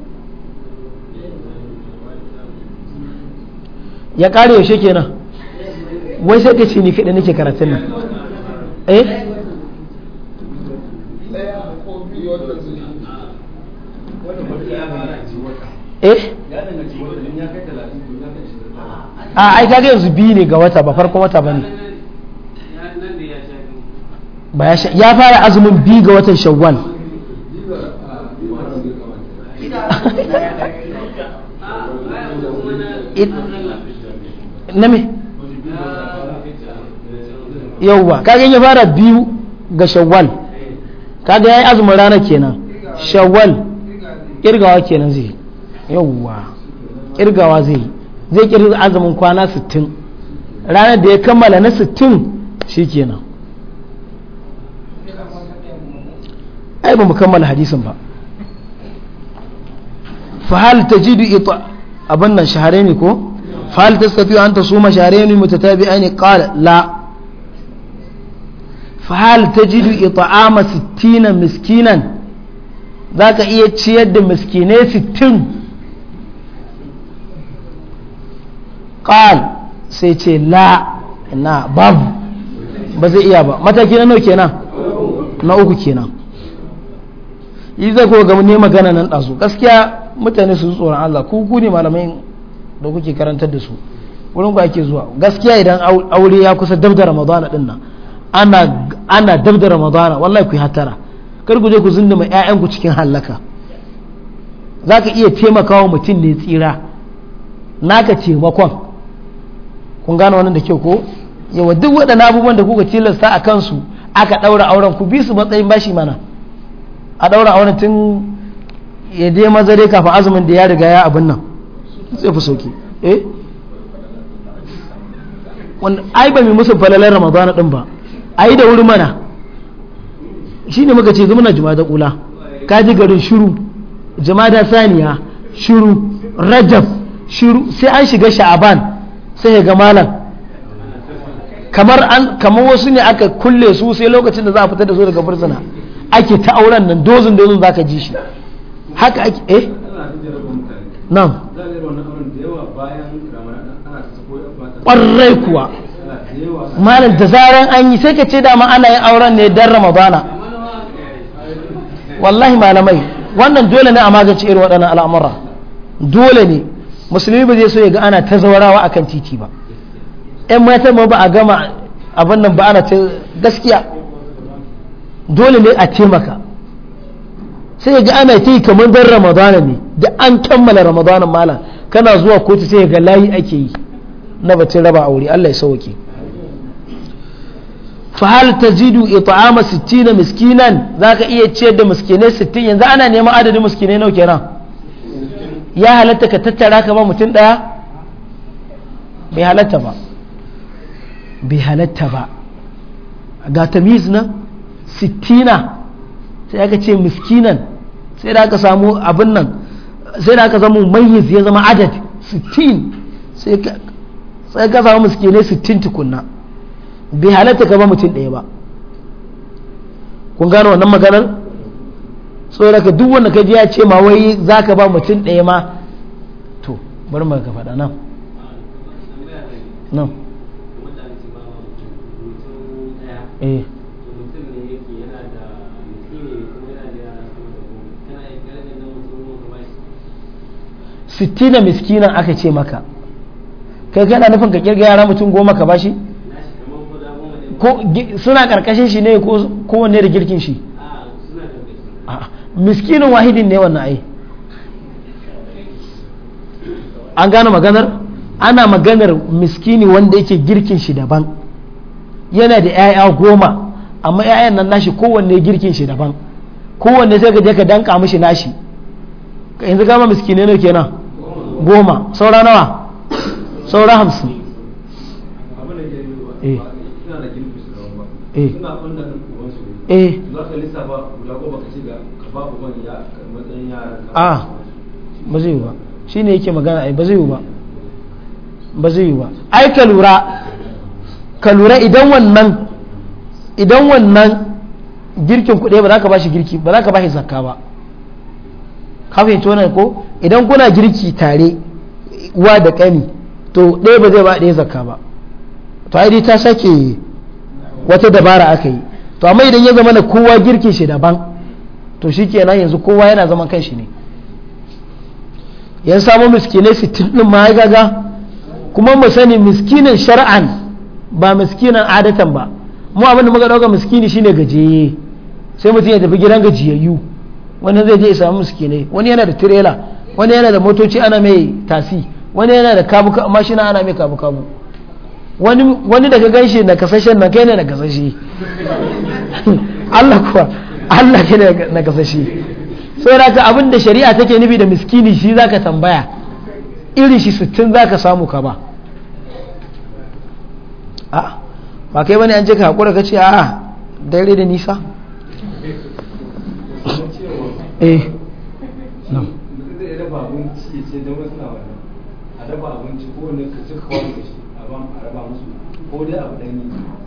ya kare yaushe kenan wai sai ka ce ni kaɗai nake karatun nan eh eh a ai kaga yanzu biyu ne ga wata ba farko wata ba ne ya fara azumin biyu ga watan shawwal it nami me yauwa kaga ya fara biyu ga shawwal kaga yayi azumin rana kenan shawwal kirgawa kenan zai yauwa kirgawa zai zai kirga azumin kwana 60 ranar da ya kammala na 60 shikenan ai ba mu kammala hadisin ba fa hal tajidu ita abin nan shahare ne ko فهل تستطيع أن تصوم شهرين متتابعين قال لا فهل تجد إطعام ستين مسكينا ذاك إيه تشيد مسكيني ستين قال سيتي لا نا باب ba zai iya ba mataki na nau kenan na uku kenan yi zai kowa gama magana nan dasu gaskiya mutane su tsoron Allah ku ku ne malamai da kuke karantar da su wurin ku ake zuwa gaskiya idan aure ya kusa dab da ramadana din nan ana ana dab da ramadana wallahi ku hatara kar ku je ku zunduma ƴaƴanku cikin halaka zaka iya taimakawa mutum ne tsira naka taimakon kun gane wannan da kyau ko yawa duk waɗannan abubuwan da kuka tilasta a kansu aka ɗaura auren ku bi matsayin bashi mana a ɗaura auren tun ya je maza kafin azumin da ya riga ya abin nan zai fi sauki eh wanda ai ba mai musu falalar ramadana din ba ai da wuri mana shine muka ce zuma na juma'a da kula Ka ji garin shiru juma'a da saniya shiru rajab shiru sai an shiga sha'aban sai ya ga malam kamar an kamar wasu ne aka kulle su sai lokacin da za a fitar da su daga fursuna ake ta auren nan dozin dozin za ka ji shi haka ake eh na'am ƙwarai kuwa malam da zaren an yi sai ka ce dama ana yin auren ne don ramadana wallahi malamai wannan dole ne a magance irin waɗannan al'amura dole ne musulmi ba zai so ya ga ana ta zawarawa akan titi ba yan mata ma ba a gama abin nan ba ana ta gaskiya dole ne a taimaka sai ga ana ta yi kamar dan ramadana ne da an kammala ramadana malam kana zuwa kotu sai ga layi ake yi na batun raba aure Allah ya sauke fa hal tazidu it'ama 60 miskinan zaka iya ciyar da miskinai 60 yanzu ana neman adadin miskinai nawa kenan ya halatta ka tattara ka ba mutum daya bai halatta ba bai halatta ba ga tamiz na sittina sai aka ce miskinan sai da aka samu abin nan sai da aka zama mayyiz ya zama adad 60 sai ka samu miskinai 60 tukunna bai halatta ka ba mutum ɗaya ba kun gano wannan maganar ka duk wanda ka ji ya ce ma wai za ka ba mutum ɗaya ma to bari mu ka faɗa nan nan eh sittina miskinan aka ce maka kai kana nufin ka kirga yara mutum goma ka bashi ko suna karkashin shi ne ko wanne da girkin shi miskinin wahidin ne wannan ai an gane maganar ana maganar miskini wanda yake girkin shi daban yana da 'ya'ya goma amma 'ya'yan nan nashi kowanne girkin shi daban kowanne sai ka je ka danka mishi nashi yanzu gama miskinai ne kenan goma saura nawa saura hamsin eh. eh. eh. a ah. ba zai yi ba shi ne yake magana a ba zai yi ba ba zai yi ba ai ka lura ka lura idan wannan idan wannan girkin kuɗe ba za ka ba shi girki ba za ka ba shi zakka ba ka fahimci wannan ko idan kuna girki tare wa da kani to ɗaya ba zai ba ɗaya zakka ba to ai dai ta sake wata dabara aka yi to amma idan ya zama na kowa girki shi daban to shi kenan yanzu kowa yana zaman kanshi ne yan samu miskinai sittin din ma gaga kuma mu sani miskinin shar'an ba miskinin adatan ba mu abin da muka dauka miskini shine gajeye sai mutum ya tafi gidan gajiyayyu wani zai je ya samu miskinai wani yana da tirela wani yana da motoci ana mai tasi wani yana da kabu mashina ana mai kabu kabu wani daga ganshi na kasashen na kai ne na kasashe Allah kuwa Allah kai ne na kasashe sai da ka abin da shari'a take nufi da miskini shi zaka tambaya irin shi sittin zaka samu ka ba a ba kai bane an je ka hakura ka ce a dare da nisa Eh.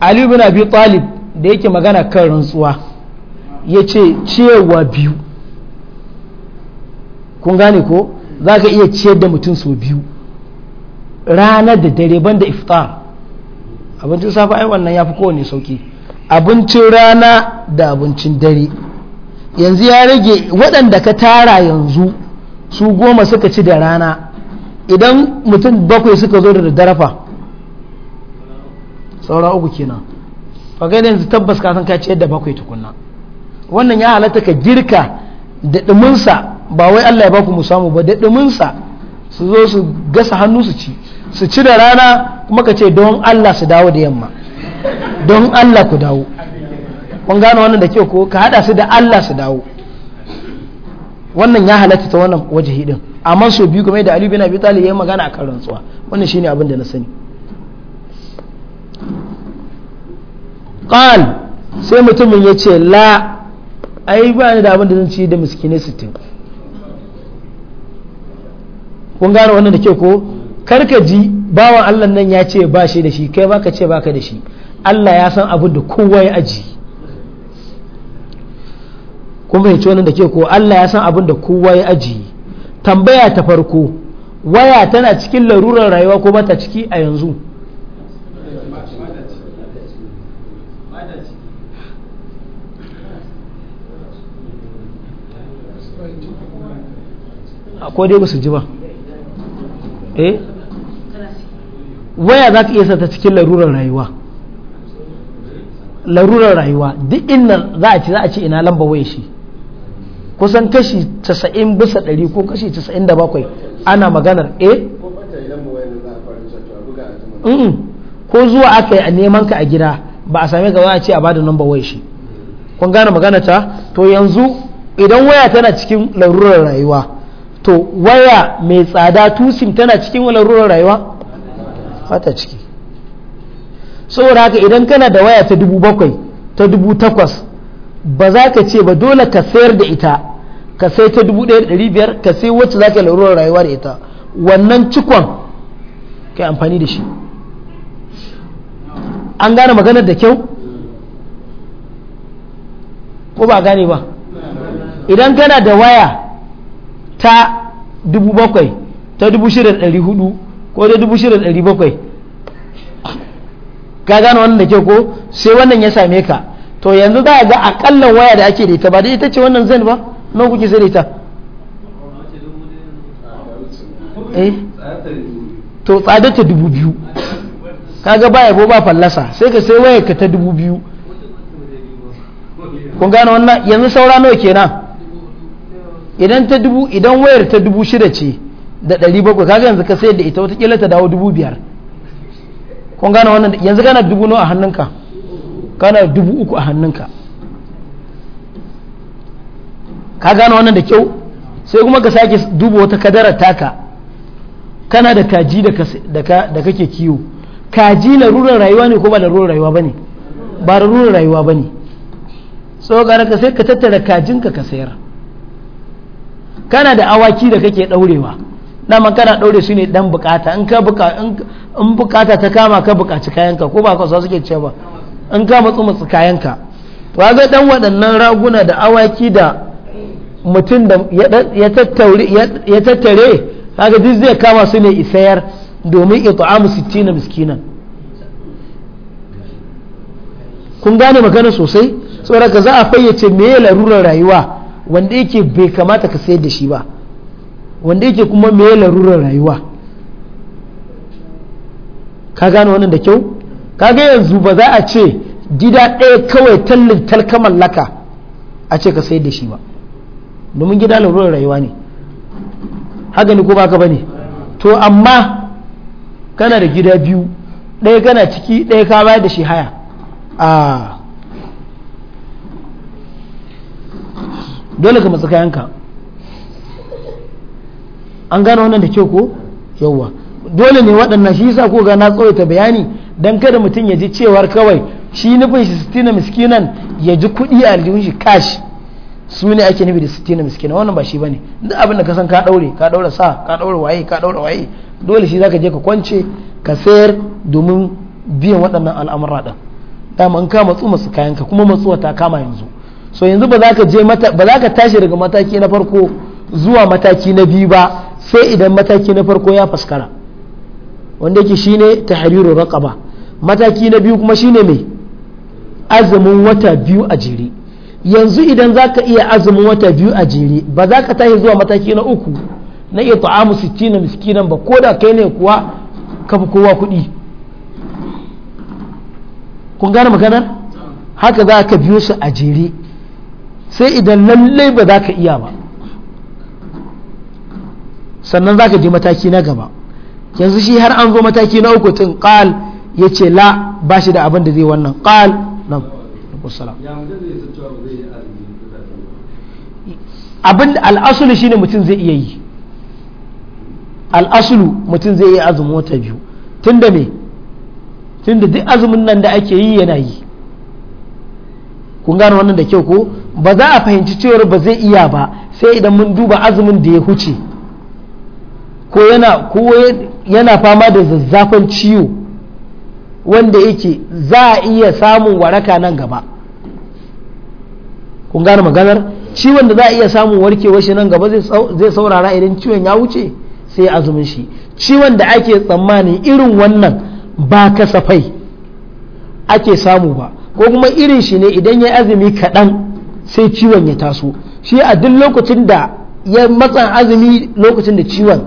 Aliyu na Ali bin Abi Talib da yake magana kan rantsuwa ya ce cewa biyu kun gane ko za ka iya ciyar da mutum sau biyu ranar da dare ban da iftar abincin safa ai wannan ya fi kowane sauki abincin rana da abincin dare yanzu ya rage waɗanda ka tara yanzu su goma suka ci da rana idan mutum bakwai suka zo da darafa saura uku kenan faga yanzu tabbas ka san ka ciyar da bakwai tukunna wannan ya halatta ka girka da ɗuminsa ba wai Allah ya ba ku ba da ɗuminsa su zo su gasa hannu su ci su ci da rana kuma ka ce don Allah su dawo da yamma don Allah ku dawo kun gano wannan da kyau ko ka hada su da Allah su dawo wannan ya halatta ta wannan waje hidin amma so biyu kuma da Ali bin Abi Talib yayin magana akan rantsuwa wannan shine abin da na sani qal sai mutumin ya ce la ai ba ni da abin da zan ci da miskine 60 kun gano wannan da kyau ko karka ji bawan Allah nan ya ce ba shi da shi kai baka ce baka da shi Allah ya san abin da kowa ya aji kun fahimci wannan da ke ko Allah ya san abin da kowa ya ajiye tambaya ta farko waya tana cikin larurar rayuwa ko bata ciki a yanzu ko dai ba ji ba eh waya za ka iya ta cikin larurar rayuwa larurar rayuwa duk inda za a ci za a ci ina lamba waya shi kusan kashi 90 bisa 100 ko kashi 97 ana maganar a eh? ko zuwa aka yi a neman ka a gida ba a same ga za a ce a bada number waya shi kun gane magana ta to yanzu idan waya tana cikin larurar rayuwa to waya mai tsada tusim tana cikin larurar rayuwa fata ciki saboda haka idan kana da waya ta dubu bakwai ta dubu takwas ba za ka ce ba dole ka sayar da ita ka sai ta 1500 ka sai wacce za ka larurar rayuwa da ita wannan cikon ka amfani da shi an gane maganar da kyau ko ba gane ba idan gana da waya ta 7,000 ta 6,400 ko ta 6,700 ka gane wannan da kyau ko sai wannan ya same ka to yanzu za a ga akallan waya da ake da ita ba da ita ce wannan zen ba nan kuke sai da ita eh? to tsada ta dubu biyu kaga ba yabo ba fallasa sai ka sai waya ka ta dubu biyu kun gane wannan yanzu saura nawa kenan idan ta dubu idan wayar ta dubu shida ce da ɗari bakwai kaga yanzu ka sayar da ita watakila ta dawo dubu biyar kun gane wannan yanzu gana dubu nawa a hannunka kana dubu uku a hannunka ka gane wannan da kyau sai kuma ka sake dubu wata kadarar taka kana da kaji da kake kiwo kaji larurar rayuwa ne ko ba larurar rayuwa ba ne ba rayuwa ba ne ka sai ka tattara kajinka ka sayar kana da awaki da kake daurewa dama kana daure su ne dan bukata in bukata ta kama ka bukaci kayanka ko ba kwasa suke suke cewa an kama matsu matsu kayanka wa ga dan waɗannan raguna da awaki da mutum da ya tattare kaga duk zai kama su ne isayar domin it'amu 60 miskinan kun gane magana sosai saboda ka za a fayyace me ya larurar rayuwa wanda yake bai kamata ka sayar da shi ba wanda yake kuma me ya larurar rayuwa ka gane wannan da kyau kaga yanzu ba za a ce gida ɗaya kawai tallin talka mallaka a ce ka sayar da shi ba domin gida larurar rayuwa ne haka ne ko baka bane to amma kana da gida biyu ɗaya kana ciki ɗaya ka bayar da shi haya a dole ka matsa kayanka an gano wannan da kyau ko yauwa dole ne waɗannan shi yasa ko ga na tsawaita bayani don kada mutum ya ji cewar kawai shi nufin shi sittina miskinan ya ji kuɗi a aljihun shi kashi su ne ake nufi da sittina miskinan wannan ba shi bane duk abin da ka san ka ɗaure ka ɗaura sa ka ɗaura waye ka ɗaura waye dole shi zaka je ka kwance ka sayar domin biyan waɗannan al'amura ɗin dama in ka matsu masu kayan ka kuma matsuwa ta kama yanzu so yanzu ba za ka je mata ba za ka tashi daga mataki na farko zuwa mataki na biyu ba sai idan mataki na farko ya faskara wanda yake shine tahriru raqaba mataki na biyu kuma shine mai azumin wata biyu a jere yanzu idan za ka iya azumin wata biyu a jere ba za ka tashi zuwa mataki na uku na iya ta'amu na miskinan ba ko da kai ne kuwa ka fi kowa kuɗi kun gane maganar haka za ka biyo su a jere sai idan lallai ba za ka iya ba sannan za ka je mataki na gaba yanzu shi har an zo mataki na uku tun qal yace la ba shi da abin da zai wannan qal nan wassalam abin al'asulu shine mutum zai iya yi al'asulu mutum zai iya azumin wata biyu tunda me tunda duk azumin nan da ake yi yana yi kun gane wannan da kyau ko ba za a fahimci cewar ba zai iya ba sai idan mun duba azumin da ya huce ko yana ko yana fama da zazzafan ciwo wanda yake za a iya samun waraka nan gaba kun gane maganar ciwon da za a iya samun warkewar shi nan gaba zai saurara idan ciwon ya wuce sai azumin shi ciwon da ake tsammanin irin wannan ba kasafai ake samu ba ko kuma irin shi ne idan ya azumi kaɗan sai ciwon ya taso shi a duk lokacin da ya matsan azumi lokacin da ciwon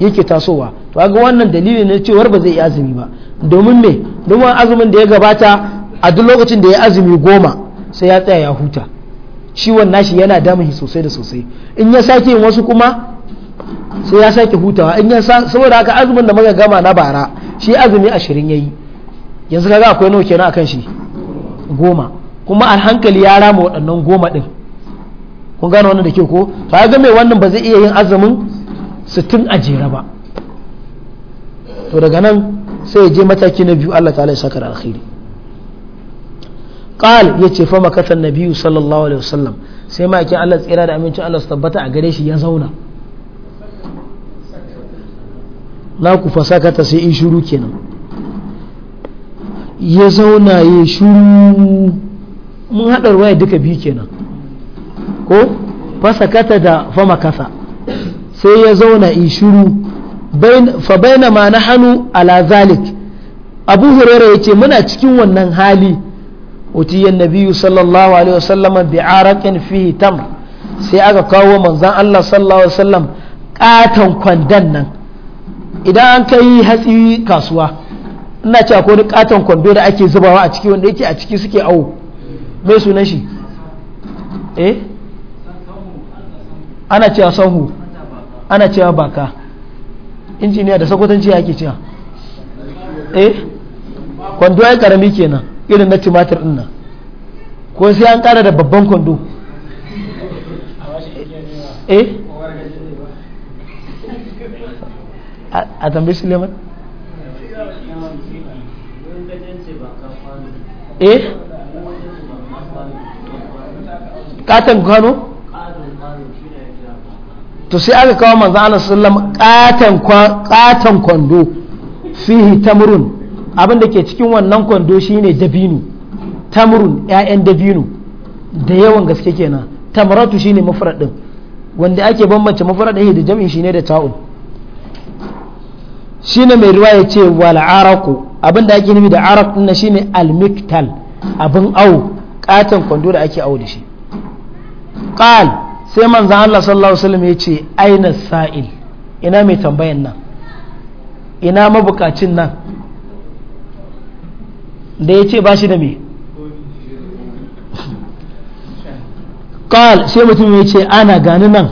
yake tasowa to ga wannan dalili ne cewar ba zai yi azumi ba domin me domin azumin da ya gabata a duk lokacin da ya azumi goma sai ya tsaya ya huta ciwon nashi yana damahi sosai da sosai in ya sake wasu kuma sai ya sake hutawa in ya saboda haka azumin da muka gama na bara shi azumi ashirin yayi yanzu kaga akwai nawa kenan akan shi goma kuma a hankali ya rama waɗannan goma ɗin kun gane wannan da ke ko to ga mai wannan ba zai iya yin azumin sittin a jere ba to daga nan sai ya je mataki na biyu Allah ta'ala ya saka da alkhairi qal yace fa makatan nabiyyu sallallahu alaihi wasallam sai ma yake Allah tsira da amincin Allah su tabbata a gare shi ya zauna la ku sakata sai in shiru kenan ya zauna ya shiru mun haɗa ruwaya duka biyu kenan ko fa sakata da fama kasa sai ya zauna in shiru fa bainama hannu ala zalik abu ya ce muna cikin wannan hali utiyan nabiyyu sallallahu alaihi wasallam bi araqin fihi tam sai aka kawo manzon Allah sallallahu alaihi wasallam katon kwandon nan idan an kai hatsi kasuwa ina ce ko ni katon kwando da ake zubawa a ciki wanda yake a ciki suke awo mai sunan shi eh ana cewa sahu ana cewa baka injiniya da sakwatanci ke cewa eh kwando ya karami kenan irin na tumatir din nan ko sai an kara da babban kwando eh a tambayi suleiman eh katon kwano to sai aka kawo manzo Allah sallam katan katan kwando fihi tamrun abin da ke cikin wannan kwando shine dabino tamrun ƴaƴan dabino da yawan gaske kenan tamratu shine mafrad wanda ake bambance mafrad din da jam'in shine da ta'un shine mai ruwa ya ce wal araku abin da ake nufi da arak din shine almiktal abin au katan kwando da ake au da shi qal sai manzan Allah sallallahu alaihi wasallam ya ce aina sa'il ina mai tambayan nan ina mabukacin nan da ya ce ba shi da me kal sai mutum ya ce ana gani nan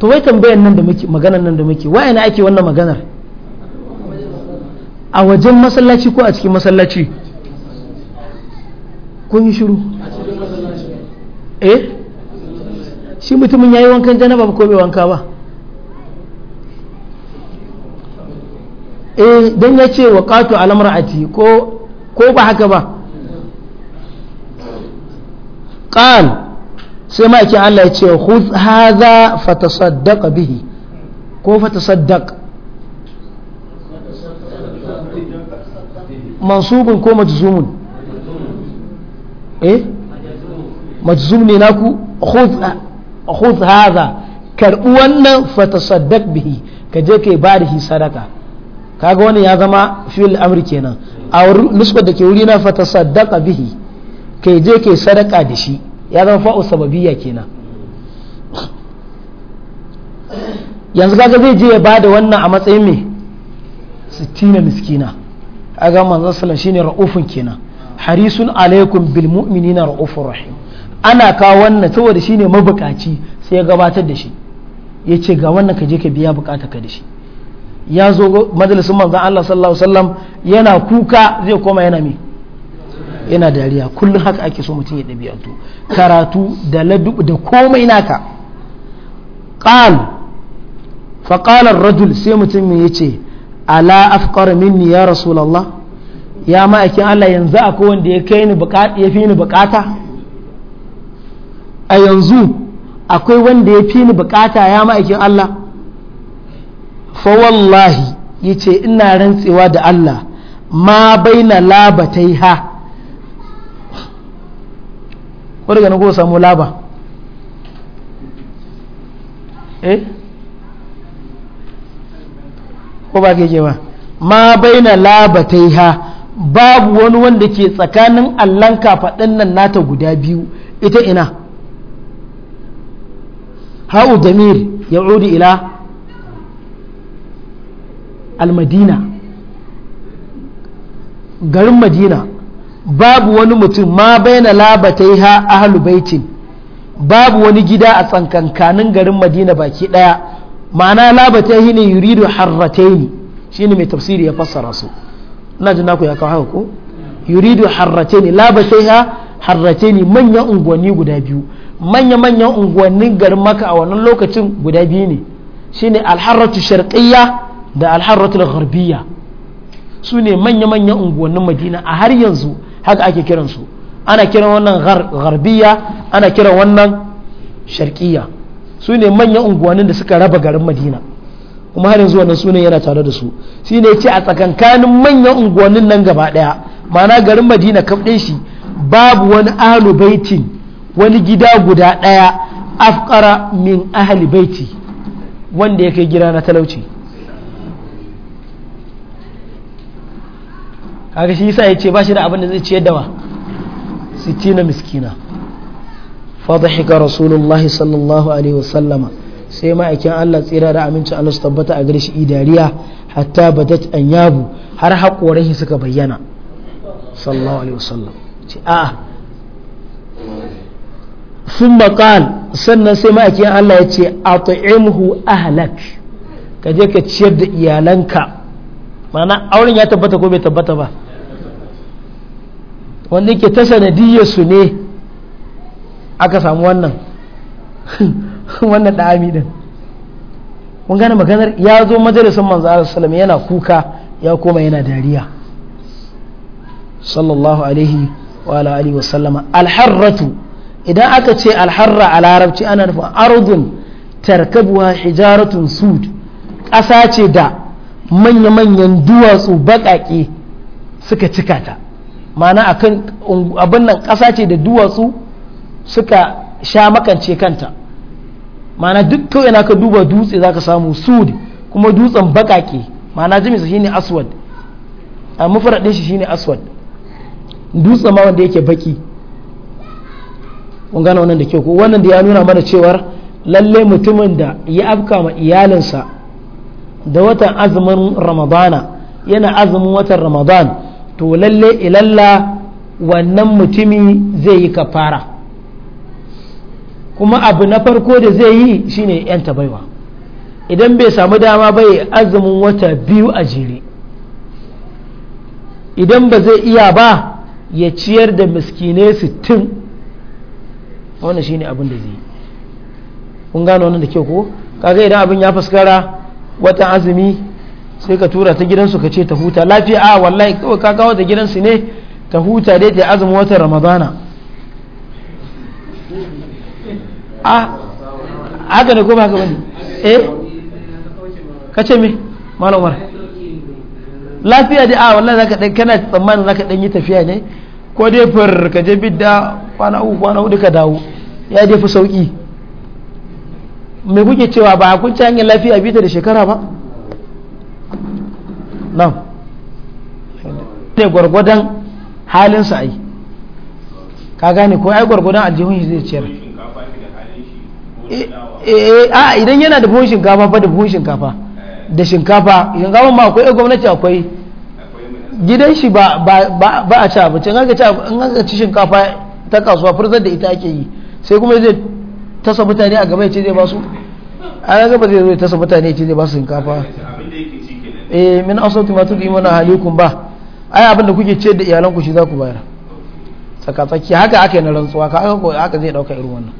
to wai tambayan nan da muke maganar nan da muke ina ake wannan maganar a wajen masallaci ko a cikin masallaci kun yi shiru eh shi mutumin ya yi wankan janaba ba ko bai wanka ba eh don ya ce wa ƙato alamra'ati ko ba haka ba ƙal sai ma'aikin Allah ya ce huz haza fatasaddaqa bihi ko fatasaddaq mansubin ko majzumun eh majzum ne naku khudh hadha karbi wannan fatasaddaq bihi ka je kai ba da sadaka kaga wani ya zama fil amri kenan a nuskar da ke wuri na fatasaddaqa bihi kai je kai sadaka da shi ya zama fa'u sababiyya kenan yanzu kaga zai je ya ba da wannan a matsayin me sittina miskina aga manzon sallallahu alaihi wasallam shine ra'ufun kenan harisun alaikum bil mu'minina ra'ufur rahim ana kawo wannan saboda shi ne mabukaci sai ya gabatar da shi ya ce ga wannan ka je ka biya bukata ka da shi ya zo majalisun manzan Allah sallallahu sallam yana kuka zai koma yana me yana dariya kullum haka ake so mutum ya ɗabi'antu karatu da ladubu da komai naka qal fa qala rajul sai mutum ya ce ala afqar minni ya rasulullah ya ma'aikin Allah yanzu akwai wanda ya kai ni bukata ya fi ni bukata a yanzu akwai wanda ya fi ni bukata ya ma'aikin Allah fa wallahi ce ina rantsewa da Allah ma bai baina labatai ha ko daga ko samu laba eh ko ba ke ba ma bai baina labatai ha babu wani wanda ke tsakanin allon kafaɗin nan nata guda biyu ita ina ha'u damir ya'udu ila almadina garin madina babu wani mutum ma baina labatai ha ahlu baitin babu wani gida a tsankankanin garin madina baki daya ma'ana labatai ne yuridu harrataini shine mai tafsiri ya fassara su ina jin naku ya kawo haka ko yuridu harrataini labatai ha harrace ne manyan unguwanni guda biyu manya-manyan unguwannin garin maka a wannan lokacin guda biyu ne shine alharratu sharqiyya da alharratu gharbiyya su ne manya-manyan unguwannin madina a har yanzu haka ake kiran su ana kiran wannan gharbiya ana kiran wannan sharqiyya su ne manyan unguwannin da suka raba garin madina kuma har yanzu wannan sunan yana tare da su shi ne ce a tsakankanin manyan unguwannin nan gaba daya ma'ana garin madina kaf ɗin shi babu wani ahlu baitin wani gida guda ɗaya afkara min ahli baiti wanda ya kai gida na talauci kaga shi yasa yace ba shi da abin da zai ciyar da wa sittina miskina fadhika rasulullahi sallallahu alaihi wasallama sai ma'aikin Allah tsira da aminci Allah su tabbata a gare shi idariya hatta badat an yabu har haƙorin suka bayyana sallallahu alaihi wasallam ce a sun maƙal sannan sai ma'aikin Allah ya ce a ta'imhu ahlak ka je ka ciyar da iyalanka mana auren ya tabbata ko bai tabbata ba wanda yake ta sanadiyar su ne aka samu wannan wannan da'ami din kun gane maganar ya zo majalisar manzo Allah sallallahu yana kuka ya koma yana dariya sallallahu alaihi wa ala alihi wasallama alharratu idan aka ce alharra a larabci ana nufin ardun tarkabuwa hijaratun sud ƙasa ce da manya-manyan duwatsu baƙaƙe suka cika ta mana akan abin nan ƙasa ce da duwatsu suka sha makance kanta mana duk kawai na ka duba dutse za ka samu sud kuma dutsen baƙaƙe mana jimisa shine aswad a mufaraɗin shi shine aswad dutse ma wanda yake baki kun gane wannan da kyau ko wannan da ya nuna mana cewar lalle mutumin da ya afka ma iyalinsa da watan azumin ramadana yana azumin watan ramadan to lalle ilalla wannan mutumi zai yi kafara kuma abu na farko da zai yi shine yan baiwa idan bai samu dama bai azumin wata biyu a jere idan ba zai iya ba ya ciyar da miskinai sittin wannan shine abin da zai kun gano wannan da kyau ko kaga idan abin ya fuskara watan azumi sai ka tura ta gidansu ka ce ta huta lafiya a wallahi kawai ka kawo ta gidansu ne ta huta dai ta azumin watan ramadana a haka ne ko ba haka bane eh ka ce me malam umar lafiya dai a wallahi zaka dan kana tsammanin zaka dan yi tafiya ne ko dai fir ka je bidda kwana uku kwana hudu ka dawo ya je fi sauki mai kuke cewa ba kun ci hanyar lafiya bita da shekara ba nan ne gwargwadon halin sa'ai ka gane ko ai gwargwadon aljihun shi zai ciyar eh, eh, eh, a idan yana da buhun shinkafa ba da buhun shinkafa da shinkafa shinkafa ma akwai gwamnati akwai gidan shi ba a ci abinci in aka ci shinkafa ta kasuwa furzar da ita ake yi sai kuma zai tasa mutane a gaba ya ce zai ba su a gaba zai zai tasa mutane ya ce zai ba su shinkafa eh min asauti ma tudi mana halikum ba ai abin da kuke ce da iyalanku shi za ku bayar tsaki haka aka yi na rantsuwa ka haka zai dauka irin wannan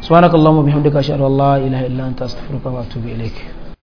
subhanakallahumma bihamdika ashhadu an la ilaha illa anta astaghfiruka wa atubu ilaik